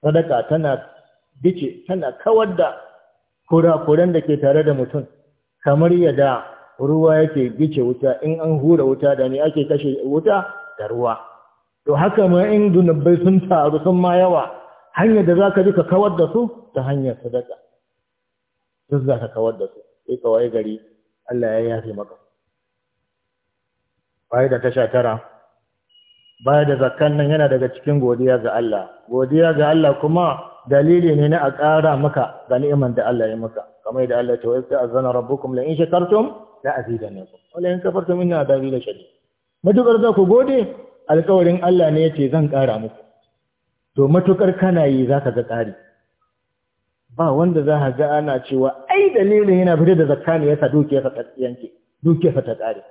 sadaka tana dice tana kawar da kurakuran da ke tare da mutum kamar yadda ruwa yake bice wuta in an hura wuta da ne ake kashe wuta da ruwa to haka ma in dunubai sun taru sun ma yawa hanyar da zaka bi ka kawar da su ta hanyar sadaka duk zaka kawar da su sai kawai gari Allah ya yafe maka fa'ida ta sha tara baya da zakkan nan yana daga cikin godiya ga Allah godiya ga Allah kuma dalili ne na a ƙara maka ga ni'imar da Allah ya maka kamar da Allah ya ce wa ta'azzana rabbukum la in shakartum la azidannakum la in kafartum inna adabi la shadid matukar za ku gode alƙawarin Allah ne yace zan ƙara muku to matukar kana yi zaka ga ƙari ba wanda za ka ga ana cewa ai dalilin yana fitar da zakka ne yasa dukiyarsa ta yanke dukiyarsa ta ƙare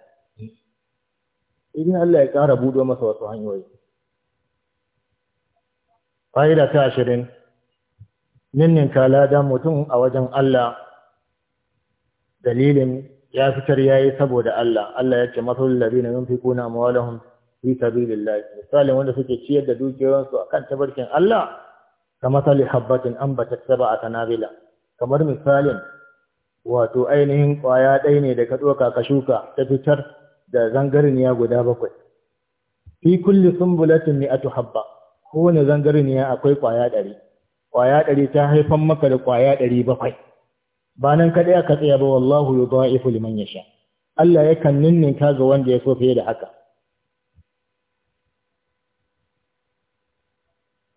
idan Allah ya ƙara budo masa wasu hanyoyi fa'ida ta ashirin ninnin kalada mutum a wajen Allah dalilin ya fitar ya yi saboda Allah Allah ya ce masalul na yunfikuna amwalahum fi lafi, misalin wanda suke ciyar da a kan tabarkin Allah kamasali habbatin ta sab'a sanabila kamar misalin wato ainihin ƙwaya ɗaya ne da ka ka shuka ta fitar da zangarniya guda bakwai fi kulli sumbulatin mi'atu habba kowane zangarniya akwai kwaya ɗari kwaya ɗari ta haifan maka da kwaya ɗari bakwai ba nan kaɗai aka tsaya ba wallahu yudha'ifu liman yasha Allah ya kan yakan ka ga wanda ya so fiye da haka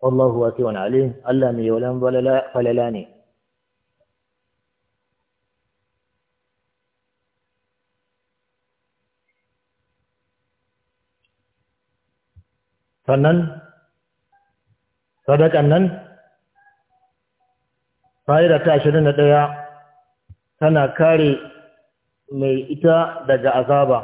wallahu wasi'un alim Allah mai yaulan falala ne sannan sadakan nan fa'ida ta ashirin da ɗaya tana kare mai ita daga azaba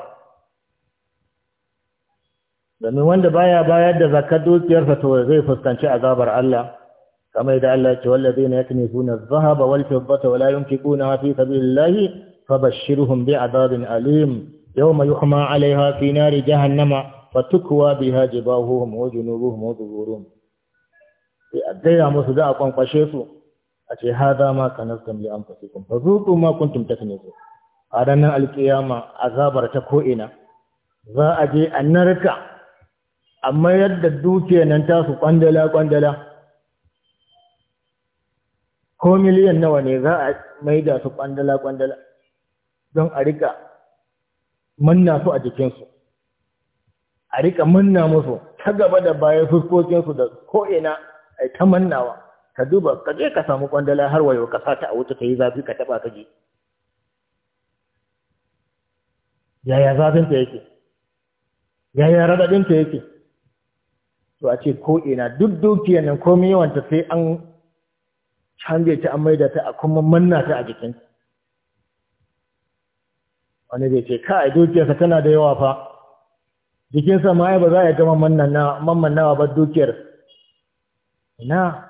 domin wanda baya bayar da zakar dukiyarsa to zai fuskanci azabar Allah kamar da Allah ce wallazi ne yake nuna zahaba wal fiddata wala yunfiquna fi sabilillahi fabashshirhum bi'adabin alim yawma yuhma 'alayha fi nari jahannama fatukwa biha jibahuhum wa junubuhum wa zuhurum sai a gaya musu za a kwankwashe su a ce hada ma kanastum li anfusikum fa zuqu ma kuntum taknizun a ranar alkiyama azabar ta ko'ina za a je a narka amma yadda dukiyar nan su kwandala kwandala ko miliyan nawa ne za a maida su kwandala kwandala don a rika manna su a jikinsu a riƙa manna musu ta gaba da bayan fuskokinsu da ko'ina a ta mannawa ka duba ka je ka samu kwandala har wayo ka sata a wuta ta yi zafi ka taɓa ka je yaya zafinta yake yaya raɗaɗinta yake to a ce ko'ina duk dukiyar nan komai yawanta sai an canje ta an maida ta a kuma manna ta a jikinta wani zai ce ka a dukiyarsa tana da yawa fa jikinsa ma ba za ya ta mammannawa ba dukiyar ina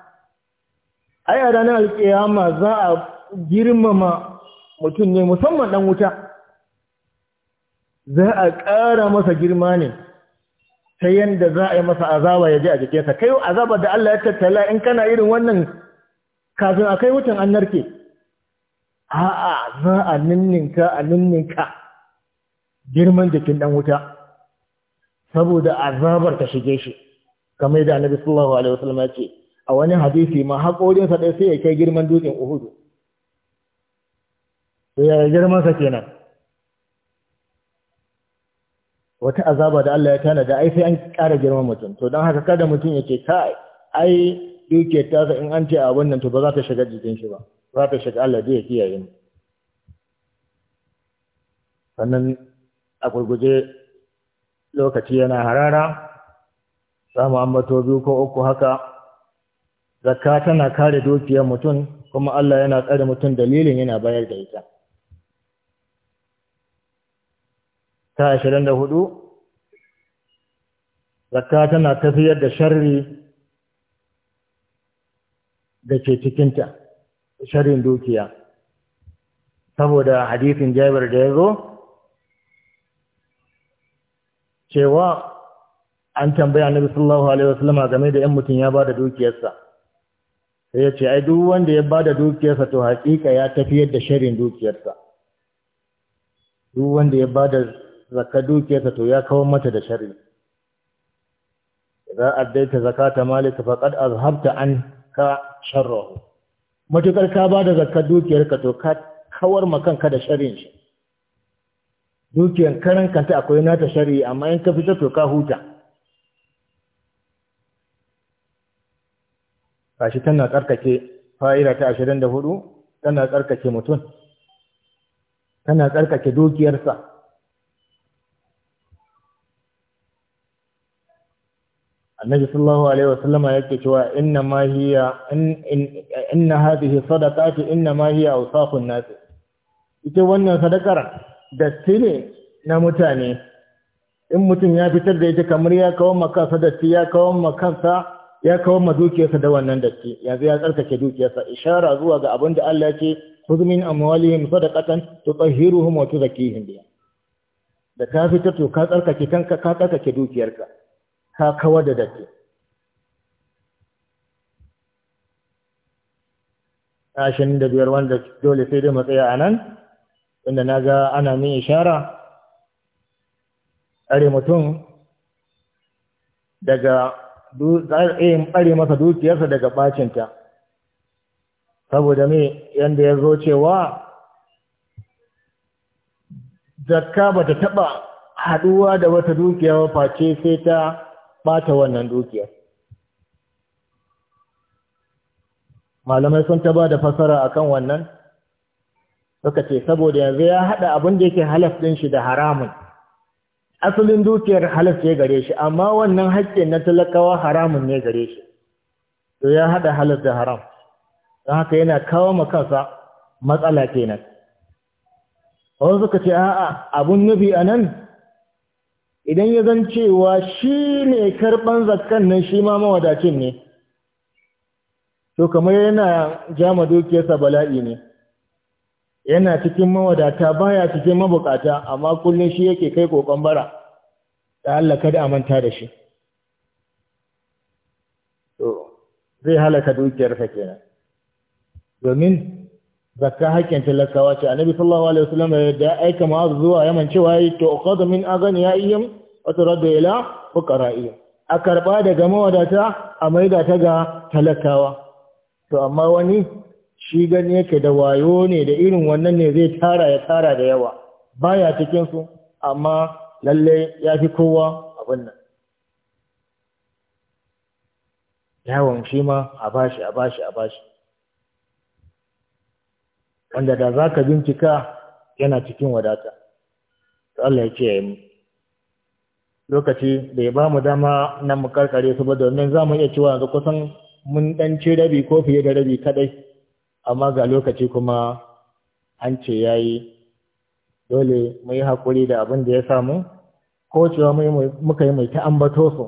ai a ranar alƙiyama za a girmama mutum ne musamman ɗan wuta za a ƙara masa girma ne ta yadda za a yi masa azaba ya ji a jikinsa kai azaba da Allah ya tattala in kana irin wannan kafin a kai wutan an narke a'a za a ninninka a ninninka girman jikin ɗan wuta saboda azabar ta shige shi kamar yadda annabi sallallahu alaihi wasallam ya ce a wani hadisi ma hakorin sa dai sai ya kai girman dutsen Uhud to ya girman sa kenan wata azaba da Allah ya tana da ai sai an ƙara girman mutum to dan haka kada mutum yake ce kai ai duke ta in an ce a wannan to ba za ta shiga jikin shi ba za ta shiga Allah zai kiyaye ni. sannan a gurguje lokaci yana harara za ambato biyu ko uku haka zakka tana kare dukiyar mutum kuma Allah yana tsare mutum dalilin yana bayar da ita ta ashirin da hudu zakka tana tafiyar da sharri da ke cikinta sharrin dukiya saboda hadisin jabir da ya zo cewa an tambaya annabi sallallahu alaihi wasallam game da yan mutum ya bada dukiyarsa sai ya ce ai duk wanda ya bada dukiyarsa to haƙiƙa ya tafiyar da sharin dukiyarsa duk wanda ya bada zakka dukiyarsa to ya kawo mata da sharri idan addaita zakata malika faqad azhabta an ka sharruhu matukar ka bada zakka dukiyarka to ka kawar ma kanka da sharrin shi dukiyar karan kanta akwai nata shari'i amma in ka fita to ka huta kashi tana tsarkake fa'ira ta ashirin da hudu tana tsarkake mutum tana tsarkake dukiyarsa annabi sallallahu alaihi wasallama yake cewa inna ma hiya inna hadhihi sadaqati inna ma hiya awsaqun nas ita wannan sadakar datti ne na mutane in mutum ya fitar da ita kamar ya kawo kansa datti ya kawo kansa ya kawo ma dukiyarsa da wannan datti yanzu ya tsarkake dukiyarsa ishara zuwa ga abin da Allah ya ce khudh min amwalihim sadaqatan tutahhiruhum wa tuzakkihim biha da ka fitar to ka tsarkake kanka ka tsarkake dukiyarka ka kawar da datti ashirin da biyar wanda dole sai dai matsaya a nan inda na ga ana min ishara tsare mutum daga tsare masa dukiyarsa daga bacinta saboda mai yadda ya zo cewa zakka ba ta taɓa haduwa da wata dukiya face sai ta bata wannan dukiyar malamai sun ta ba da fasara akan wannan suka ce saboda yanzu ya haɗa abin da yake halaf ɗin shi da haramun asalin dukiyar halaf ce gare shi amma wannan haƙƙin na talakawa haramun ne gare shi to ya haɗa halaf da haram don haka yana kawo ma kansa matsala kenan wasu suka ce a'a abun nufi a nan idan ya zan cewa shi ne karɓan zakkan nan shi ma mawadacin ne to kamar yana jama dukiyarsa bala'i ne yana cikin mawadata baya cikin mabukata amma kullum shi yake kai kokon bara da Allah kada a manta da shi to zai halaka dukiyar ka kenan domin zakka hakkin talakawa ce annabi sallallahu alaihi wasallam da aika ma zuwa yaman cewa yi to qad min iyyam wa turaddu ila fuqara'i a karba daga mawadata a maida ta ga talakawa to amma wani shi gani yake da wayo ne da irin wannan ne zai tara ya tara da yawa baya cikin su amma lalle ya fi kowa abin nan yawon shi ma a bashi a bashi a bashi wanda da za ka bincika yana cikin wadata Allah ya ce mu lokaci bai ba mu dama nan mu karkare su ba domin za mu iya cewa yanzu kusan mun dan ce rabi ko fiye da rabi kadai amma ga lokaci kuma an ce ya yi dole mu yi haƙuri da abin da ya samu ko cewa muka yi mai ta ambato su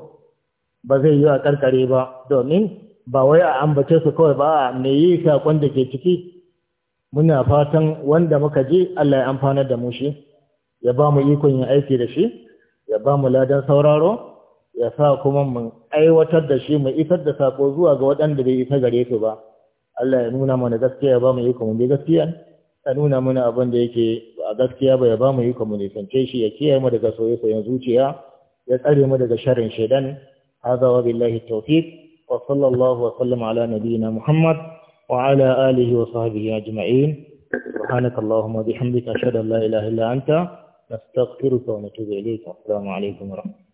ba zai yi a ƙarƙare ba domin ba wai a ambace su kawai ba me yi saƙon da ke ciki muna fatan wanda muka ji Allah ya amfana da mu shi ya ba mu ikon yin aiki da shi ya ba mu ladan sauraro ya sa kuma mun aiwatar da shi mu isar da saƙo zuwa ga waɗanda bai isa gare su ba Allah ya nuna mana gaskiya ya ba mu yi kuma bi gaskiya ya nuna mana abin da yake ba gaskiya ba ya ba mu yi kuma sance shi ya kiyaye mu daga soyayyen zuciya ya tsare mu daga sharrin shaydan hada wa billahi tawfiq wa sallallahu wa sallam ala nabiyyina muhammad wa ala alihi wa sahbihi ajma'in subhanaka allahumma bihamdika ashhadu an la ilaha illa anta nastaghfiruka wa natubu ilayk assalamu alaykum wa rahmatullahi